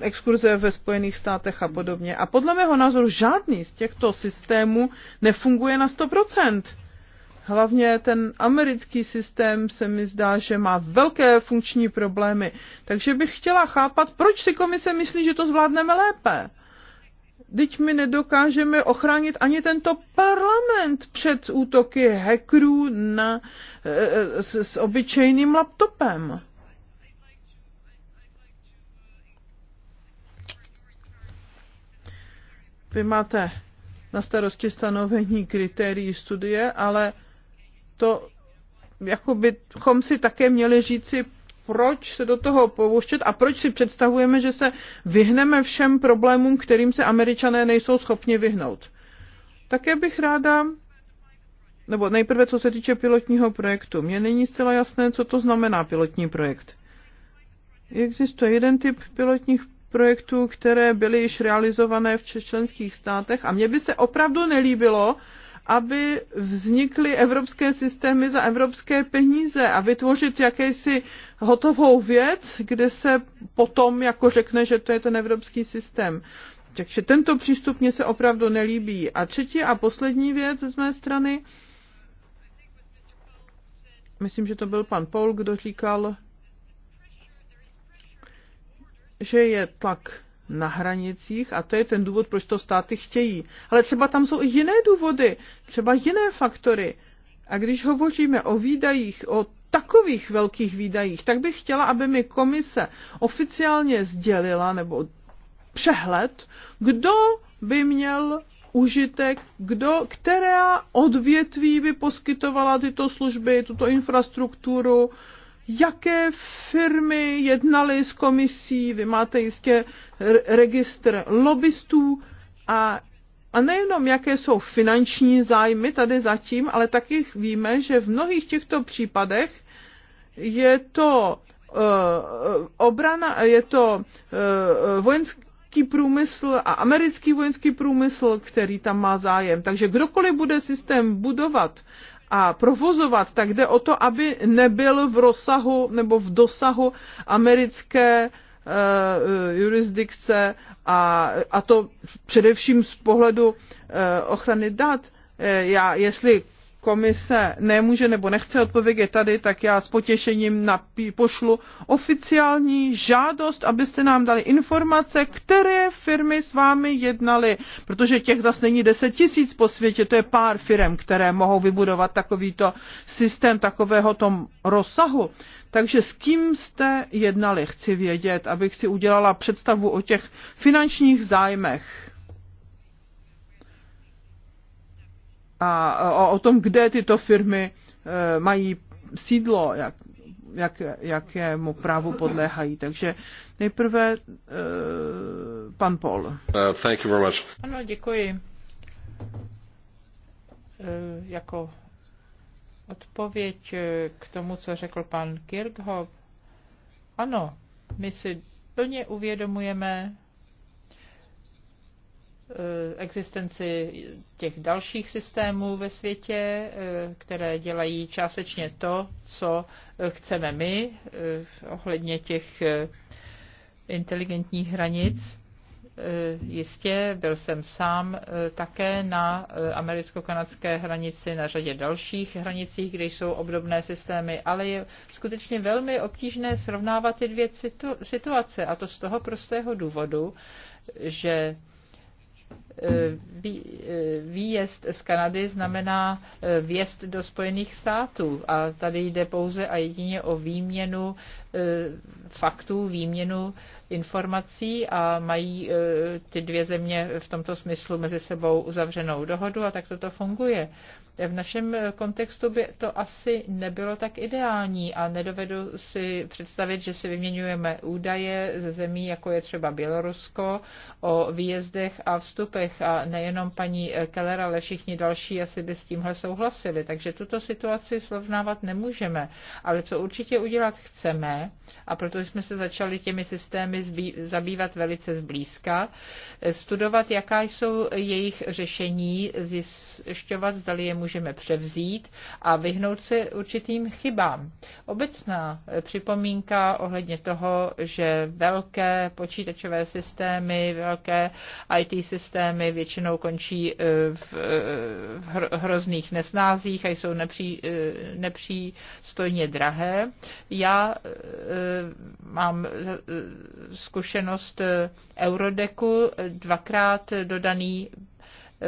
exkurze ve Spojených státech a podobně. A podle mého názoru žádný z těchto systémů nefunguje na 100%. Hlavně ten americký systém se mi zdá, že má velké funkční problémy. Takže bych chtěla chápat, proč si komise myslí, že to zvládneme lépe. Teď my nedokážeme ochránit ani tento parlament před útoky hackerů na, eh, s, s obyčejným laptopem. Vy máte na starosti stanovení kritérií studie, ale to jako bychom si také měli říci, proč se do toho pouštět a proč si představujeme, že se vyhneme všem problémům, kterým se američané nejsou schopni vyhnout. Také bych ráda, nebo nejprve co se týče pilotního projektu. Mně není zcela jasné, co to znamená pilotní projekt. Existuje jeden typ pilotních projektů, které byly již realizované v členských státech a mně by se opravdu nelíbilo, aby vznikly evropské systémy za evropské peníze a vytvořit jakýsi hotovou věc, kde se potom jako řekne, že to je ten evropský systém. Takže tento přístup mě se opravdu nelíbí. A třetí a poslední věc z mé strany, myslím, že to byl pan Paul, kdo říkal, že je tlak na hranicích a to je ten důvod, proč to státy chtějí. Ale třeba tam jsou i jiné důvody, třeba jiné faktory. A když hovoříme o výdajích, o takových velkých výdajích, tak bych chtěla, aby mi komise oficiálně sdělila nebo přehled, kdo by měl užitek, kdo, která odvětví by poskytovala tyto služby, tuto infrastrukturu, jaké firmy jednaly s komisí, vy máte jistě registr lobbystů a, a nejenom jaké jsou finanční zájmy tady zatím, ale taky víme, že v mnohých těchto případech je to uh, obrana, je to uh, vojenský průmysl a americký vojenský průmysl, který tam má zájem. Takže kdokoliv bude systém budovat a provozovat, tak jde o to, aby nebyl v rozsahu nebo v dosahu americké eh, jurisdikce a, a to především z pohledu eh, ochrany dat. Eh, já, jestli komise nemůže nebo nechce odpovědět tady, tak já s potěšením napí, pošlu oficiální žádost, abyste nám dali informace, které firmy s vámi jednaly, protože těch zas není 10 tisíc po světě, to je pár firm, které mohou vybudovat takovýto systém takového tom rozsahu. Takže s kým jste jednali, chci vědět, abych si udělala představu o těch finančních zájmech. a, a o tom, kde tyto firmy e, mají sídlo, jak, jak, jakému právu podléhají. Takže nejprve e, pan Paul. Uh, thank you very much. Ano, děkuji. E, jako odpověď e, k tomu, co řekl pan Kirchhoff. Ano, my si plně uvědomujeme Eh, existenci těch dalších systémů ve světě, eh, které dělají částečně to, co eh, chceme my ohledně těch inteligentních hranic. Jistě byl jsem sám také na americko-kanadské hranici, na řadě dalších hranicích, kde jsou obdobné systémy, ale je skutečně velmi obtížné srovnávat ty dvě situace. A to z toho prostého důvodu, že Eh, eh, výjezd z Kanady znamená eh, vjezd do Spojených států a tady jde pouze a jedině o výměnu faktů, výměnu informací a mají ty dvě země v tomto smyslu mezi sebou uzavřenou dohodu a tak toto funguje. V našem kontextu by to asi nebylo tak ideální a nedovedu si představit, že si vyměňujeme údaje ze zemí, jako je třeba Bělorusko, o výjezdech a vstupech a nejenom paní Keller, ale všichni další asi by s tímhle souhlasili. Takže tuto situaci slovnávat nemůžeme. Ale co určitě udělat chceme, a proto jsme se začali těmi systémy zabývat velice zblízka, eh, studovat, jaká jsou jejich řešení, zjišťovat, zdali je můžeme můžeme převzít a vyhnout se určitým chybám. Obecná připomínka ohledně toho, že velké počítačové systémy, velké IT systémy většinou končí eh, v eh, hrozných nesnázích a jsou nepří, eh, nepřístojně drahé. Já mám zkušenost Eurodeku dvakrát dodaný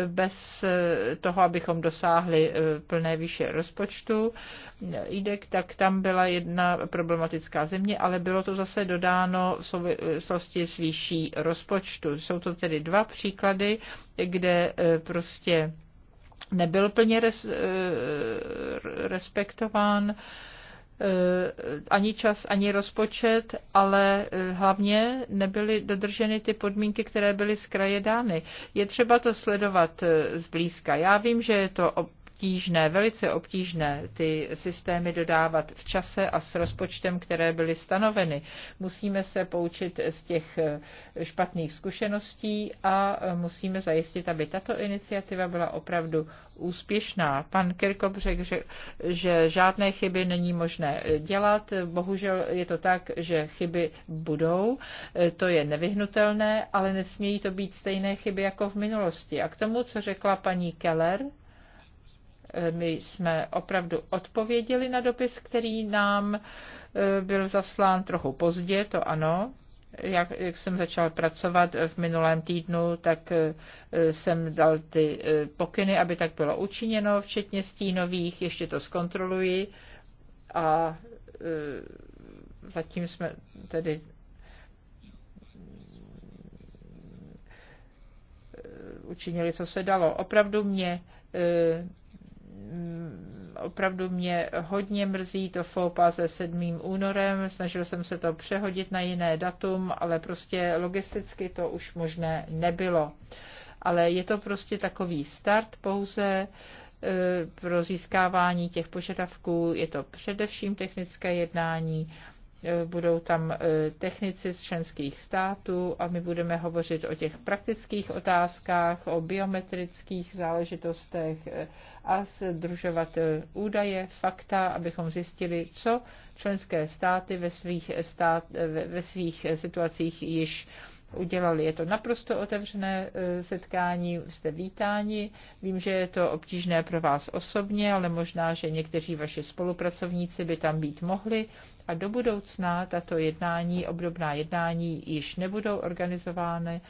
bez eh, toho, abychom dosáhli eh, plné výše rozpočtu. IDEC, tak tam byla jedna problematická země, ale bylo to zase dodáno v souvislosti s výší rozpočtu. Jsou to tedy dva příklady, kde eh, prostě nebyl plně res, respektován Eh, ani čas, ani rozpočet, ale eh, hlavně nebyly dodrženy ty podmínky, které byly z kraje dány. Je třeba to sledovat eh, zblízka. Já vím, že je to obtížné, velice obtížné ty systémy dodávat v čase a s rozpočtem, které byly stanoveny. Musíme se poučit z těch eh, špatných zkušeností a eh, musíme zajistit, aby tato iniciativa byla opravdu úspěšná. Pan Kirkob řekl, že, že žádné chyby není možné eh, dělat. Bohužel je to tak, že chyby budou. To je nevyhnutelné, ale nesmějí to být stejné chyby jako v minulosti. A k tomu, co řekla paní Keller, my jsme opravdu odpověděli na dopis, který nám e, byl zaslán trochu pozdě, to ano, jak, jak jsem začal pracovat v minulém týdnu, tak e, jsem dal ty e, pokyny, aby tak bylo učiněno, včetně stínových, ještě to zkontroluji a zatím jsme tedy učinili, co se dalo. Opravdu mě Mm, opravdu mě hodně mrzí to FOPA se 7. únorem. Snažil jsem se to přehodit na jiné datum, ale prostě logisticky to už možné nebylo. Ale je to prostě takový start pouze e, pro získávání těch požadavků. Je to především technické jednání Eh, budou tam eh, technici z členských států a my budeme hovořit o těch praktických otázkách, o biometrických záležitostech eh, a združovat údaje, fakta, abychom zjistili, co členské státy ve svých, stát, ve svých situacích již udělali. Je to naprosto otevřené e, setkání, jste vítáni. Vím, že je to obtížné pro vás osobně, ale možná, že někteří vaši spolupracovníci by tam být mohli. A do budoucna tato jednání, obdobná jednání, již nebudou organizovány,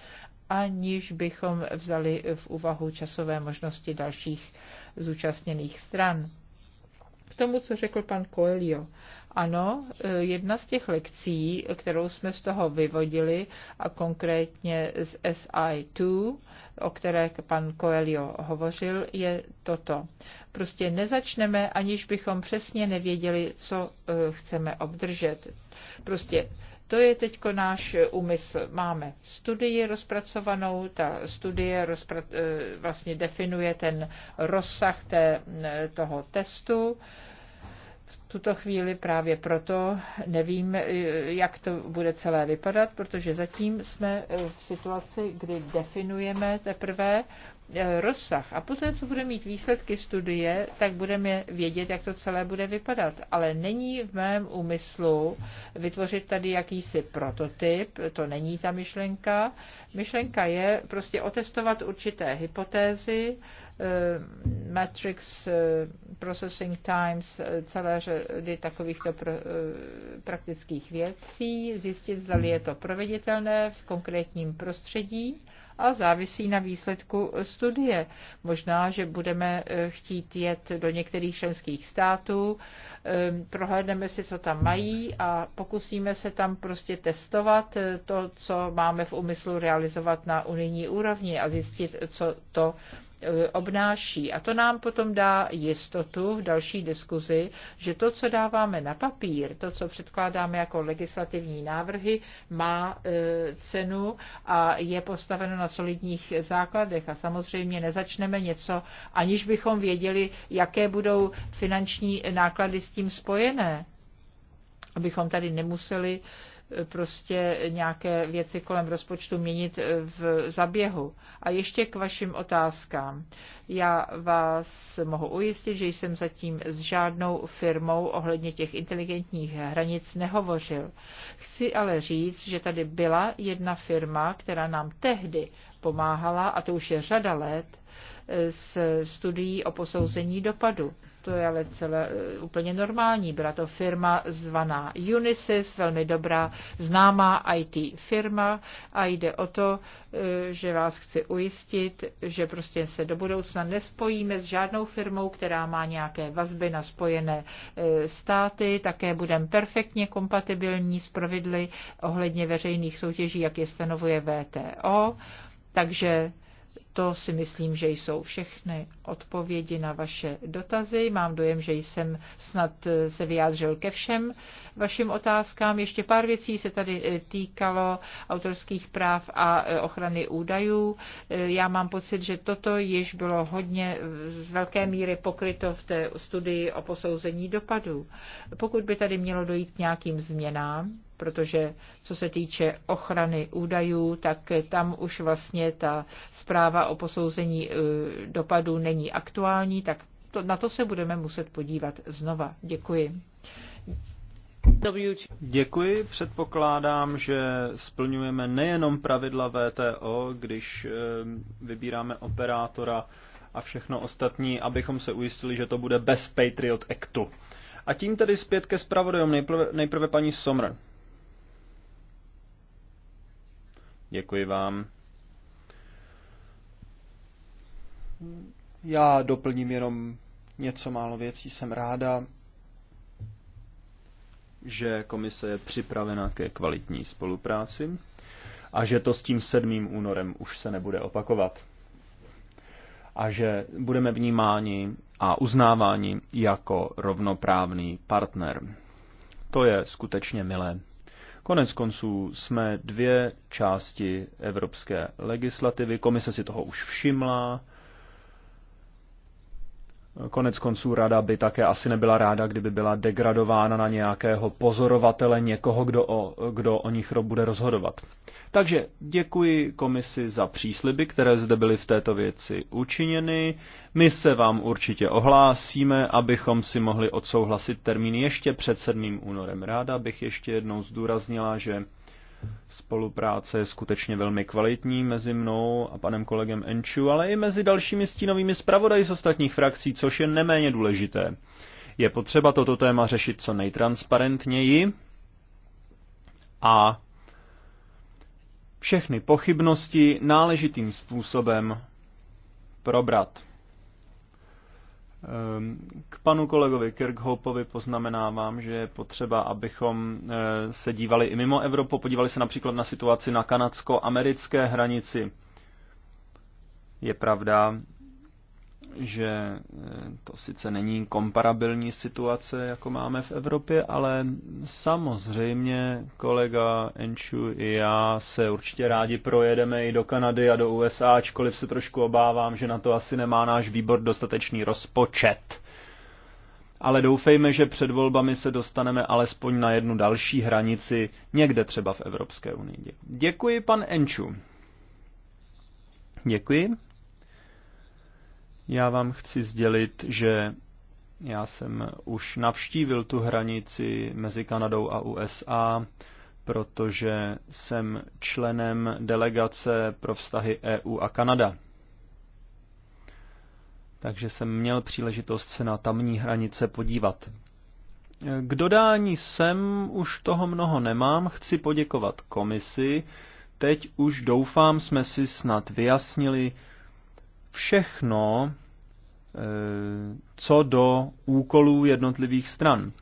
aniž bychom vzali v úvahu časové možnosti dalších zúčastněných stran. K tomu, co řekl pan Coelho. Ano, eh, jedna z těch lekcí, kterou jsme z toho vyvodili, a konkrétně z SI2, o které pan Coelho hovořil, je toto. Prostě nezačneme, aniž bychom přesně nevěděli, co eh, chceme obdržet. Prostě to je teď náš eh, úmysl. Máme studii rozpracovanou, ta studie rozpra- vlastně definuje ten rozsah té, toho testu, v tuto chvíli právě proto nevím, eh, jak to bude celé vypadat, protože zatím jsme eh, v situaci, kdy definujeme teprve eh, rozsah. A poté, co budeme mít výsledky studie, tak budeme vědět, jak to celé bude vypadat. Ale není v mém úmyslu vytvořit tady jakýsi prototyp, to není ta myšlenka. Myšlenka je prostě otestovat určité hypotézy, Eh, matrix eh, processing times, eh, celé řady takovýchto praktických věcí, zjistit, zda je to proveditelné v konkrétním prostředí a závisí na výsledku studie. Možná, že budeme chtít jet do některých členských států, prohlédneme si, co tam mají a pokusíme se tam prostě testovat to, co máme v úmyslu realizovat na unijní úrovni a zjistit, co to Eh, obnáší. A to nám potom dá jistotu v další diskuzi, že to, co dáváme na papír, to, co předkládáme jako legislativní návrhy, má eh, cenu a je postaveno na solidních základech. A samozřejmě nezačneme něco, aniž bychom věděli, jaké budou finanční náklady s tím spojené, abychom tady nemuseli uh, prostě nějaké věci kolem rozpočtu měnit v zaběhu. A ještě k vašim otázkám. Já vás mohu ujistit, že jsem zatím s žádnou firmou ohledně těch inteligentních hranic nehovořil. Chci ale říct, že tady byla jedna firma, která nám tehdy pomáhala, a to už je řada let, s studií o posouzení dopadu. To je ale celé eh, úplně normální. Byla to firma zvaná Unisys, velmi dobrá známá IT firma a jde o to, eh, že vás chci ujistit, že prostě se do budoucna nespojíme s žádnou firmou, která má nějaké vazby na spojené eh, státy. Také budeme perfektně kompatibilní s pravidly ohledně veřejných soutěží, jak je stanovuje VTO. Takže to si myslím, že jsou všechny odpovědi na vaše dotazy. Mám dojem, že jsem snad eh, se vyjádřil ke všem vašim otázkám. Ještě pár věcí se tady eh, týkalo autorských práv a eh, ochrany údajů. Já mám pocit, že toto již bylo hodně z velké míry pokryto v té studii o posouzení dopadů. Pokud by tady mělo dojít k nějakým změnám, protože co se týče ochrany údajů, tak tam už vlastně ta zpráva o posouzení e, dopadů není aktuální, tak to, na to se budeme muset podívat znova. Děkuji. Děkuji. Předpokládám, že splňujeme nejenom pravidla VTO, když e, vybíráme operátora a všechno ostatní, abychom se ujistili, že to bude bez Patriot Actu. A tím tedy zpět ke zpravodajům. Nejprve, nejprve paní Somr. Děkuji vám. Já doplním jenom něco málo věcí. Jsem ráda, že komise je připravena ke kvalitní spolupráci a že to s tím 7. únorem už se nebude opakovat. A že budeme vnímáni a uznáváni jako rovnoprávný partner. To je skutečně milé. Konec konců jsme dvě části evropské legislativy, komise si toho už všimla, Konec konců rada by také asi nebyla ráda, kdyby byla degradována na nějakého pozorovatele, někoho, kdo o, kdo o nich bude rozhodovat. Takže děkuji komisi za přísliby, které zde byly v této věci učiněny. My se vám určitě ohlásíme, abychom si mohli odsouhlasit termín ještě před 7. únorem. Ráda bych ještě jednou zdůraznila, že Spolupráce je skutečně velmi kvalitní mezi mnou a panem kolegem Enču, ale i mezi dalšími stínovými zpravodaji z ostatních frakcí, což je neméně důležité. Je potřeba toto téma řešit co nejtransparentněji a všechny pochybnosti náležitým způsobem probrat. Ehm, k panu kolegovi Kirkhopovi poznamenávám, že je potřeba, abychom eh, se dívali i mimo Evropu, podívali se například na situaci na kanadsko-americké hranici. Je pravda, že eh, to sice není komparabilní situace, jako máme v Evropě, ale samozřejmě kolega Enchu i já se určitě rádi projedeme i do Kanady a do USA, ačkoliv se trošku obávám, že na to asi nemá náš výbor dostatečný rozpočet. Ale doufejme, že před volbami se dostaneme alespoň na jednu další hranici, někde třeba v Evropské unii. Děkuji, pan Enchu. Děkuji. Já vám chci sdělit, že já jsem už navštívil tu hranici mezi Kanadou a USA, protože jsem členem delegace pro vztahy EU a Kanada. Takže jsem měl příležitost se na tamní hranice podívat. K dodání sem už toho mnoho nemám, chci poděkovat komisi. Teď už doufám, jsme si snad vyjasnili všechno, eh, co do úkolů jednotlivých stran.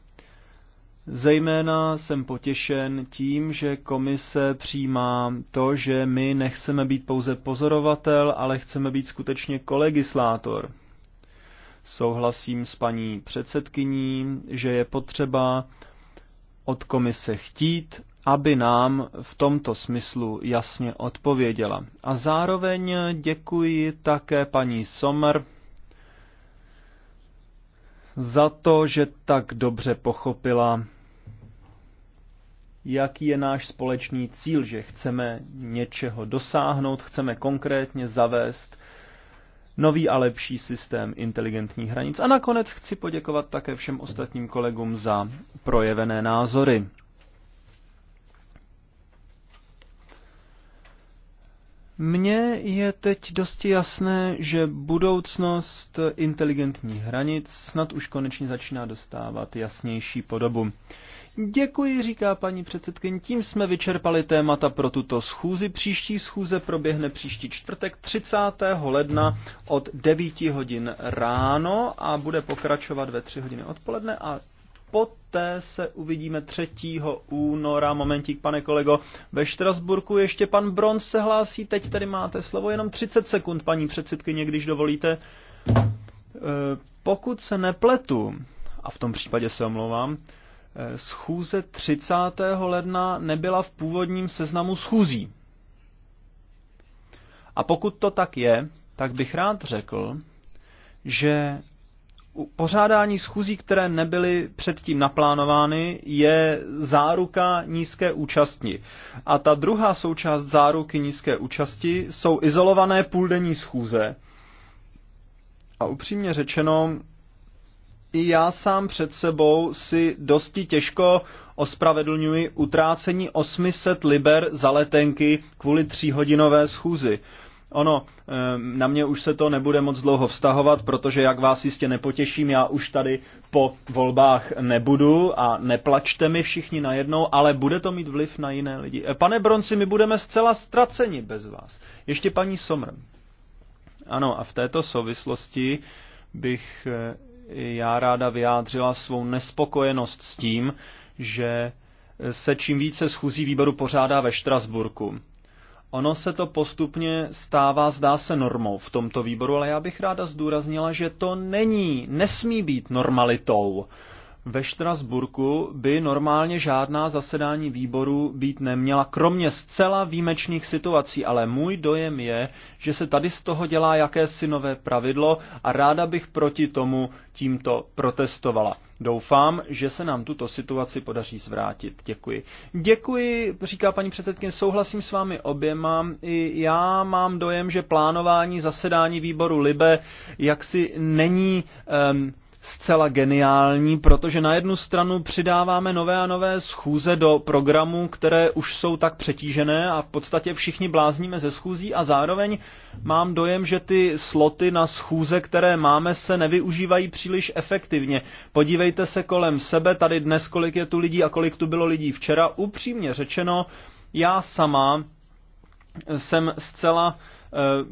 Zejména jsem potěšen tím, že komise přijímá to, že my nechceme být pouze pozorovatel, ale chceme být skutečně kolegislátor. Souhlasím s paní předsedkyní, že je potřeba od komise chtít, aby nám v tomto smyslu jasně odpověděla. A zároveň děkuji také paní Sommer za to, že tak dobře pochopila, jaký je náš společný cíl, že chceme něčeho dosáhnout, chceme konkrétně zavést nový a lepší systém inteligentních hranic. A nakonec chci poděkovat také všem ostatním kolegům za projevené názory. Mně je teď dosti jasné, že budoucnost inteligentních hranic snad už konečně začíná dostávat jasnější podobu. Děkuji, říká paní předsedkyně. Tím jsme vyčerpali témata pro tuto schůzi. Příští schůze proběhne příští čtvrtek 30. ledna od 9 hodin ráno a bude pokračovat ve 3 hodiny odpoledne a Poté se uvidíme 3. února, momentík pane kolego, ve Štrasburku. Ještě pan Bronz se hlásí, teď tady máte slovo, jenom 30 sekund, paní předsedkyně, když dovolíte. E, pokud se nepletu, a v tom případě se omlouvám, e, schůze 30. ledna nebyla v původním seznamu schůzí. A pokud to tak je, tak bych rád řekl, že pořádání schůzí, které nebyly předtím naplánovány, je záruka nízké účastní. A ta druhá součást záruky nízké účasti jsou izolované půldenní schůze. A upřímně řečeno, i já sám před sebou si dosti těžko ospravedlňuji utrácení 800 liber za letenky kvůli tříhodinové schůzi. Ono, ehm, na mě už se to nebude moc dlouho vztahovat, protože jak vás jistě nepotěším, já už tady po volbách nebudu a neplačte mi všichni najednou, ale bude to mít vliv na jiné lidi. Eh, pane Bronci, my budeme zcela ztraceni bez vás. Ještě paní Somr. Ano, a v této souvislosti bych eh, já ráda vyjádřila svou nespokojenost s tím, že eh, se čím více schůzí výboru pořádá ve Štrasburku. Ono se to postupně stává, zdá se, normou v tomto výboru, ale já bych ráda zdůraznila, že to není, nesmí být normalitou ve Štrasburku by normálně žádná zasedání výboru být neměla, kromě zcela výjimečných situací, ale můj dojem je, že se tady z toho dělá jakési nové pravidlo a ráda bych proti tomu tímto protestovala. Doufám, že se nám tuto situaci podaří zvrátit. Děkuji. Děkuji, říká paní předsedkyně, souhlasím s vámi oběma. I já mám dojem, že plánování zasedání výboru Libe jaksi není um, zcela geniální, protože na jednu stranu přidáváme nové a nové schůze do programů, které už jsou tak přetížené a v podstatě všichni blázníme ze schůzí a zároveň mám dojem, že ty sloty na schůze, které máme, se nevyužívají příliš efektivně. Podívejte se kolem sebe, tady dnes kolik je tu lidí a kolik tu bylo lidí včera. Upřímně řečeno, já sama jsem zcela Eh,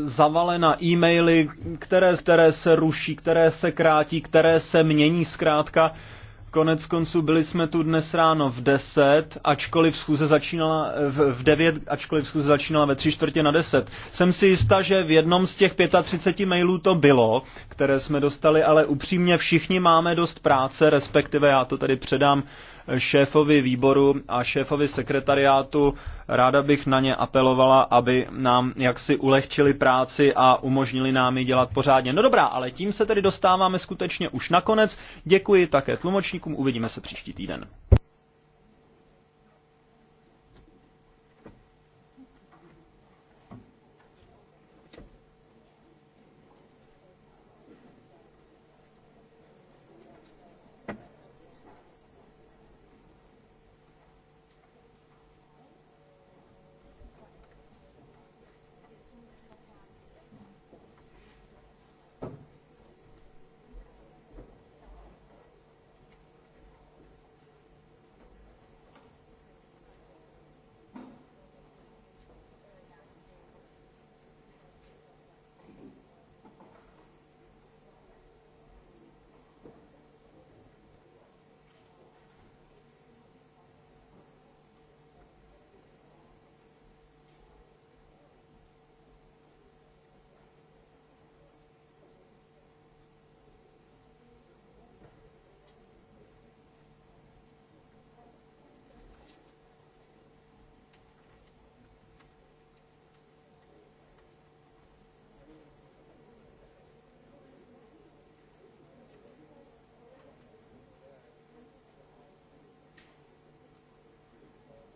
zavalena e-maily, které, které se ruší, které se krátí, které se mění zkrátka. Konec konců byli jsme tu dnes ráno v 10, ačkoliv schůze začínala eh, v, v 9, ačkoliv schůze začínala ve 3 čtvrtě na 10. Jsem si jistá, že v jednom z těch 35 mailů to bylo, které jsme dostali, ale upřímně všichni máme dost práce, respektive já to tady předám šéfovi výboru a šéfovi sekretariátu. Ráda bych na ně apelovala, aby nám jaksi ulehčili práci a umožnili nám ji dělat pořádně. No dobrá, ale tím se tedy dostáváme skutečně už nakonec. Děkuji také tlumočníkům, uvidíme se příští týden.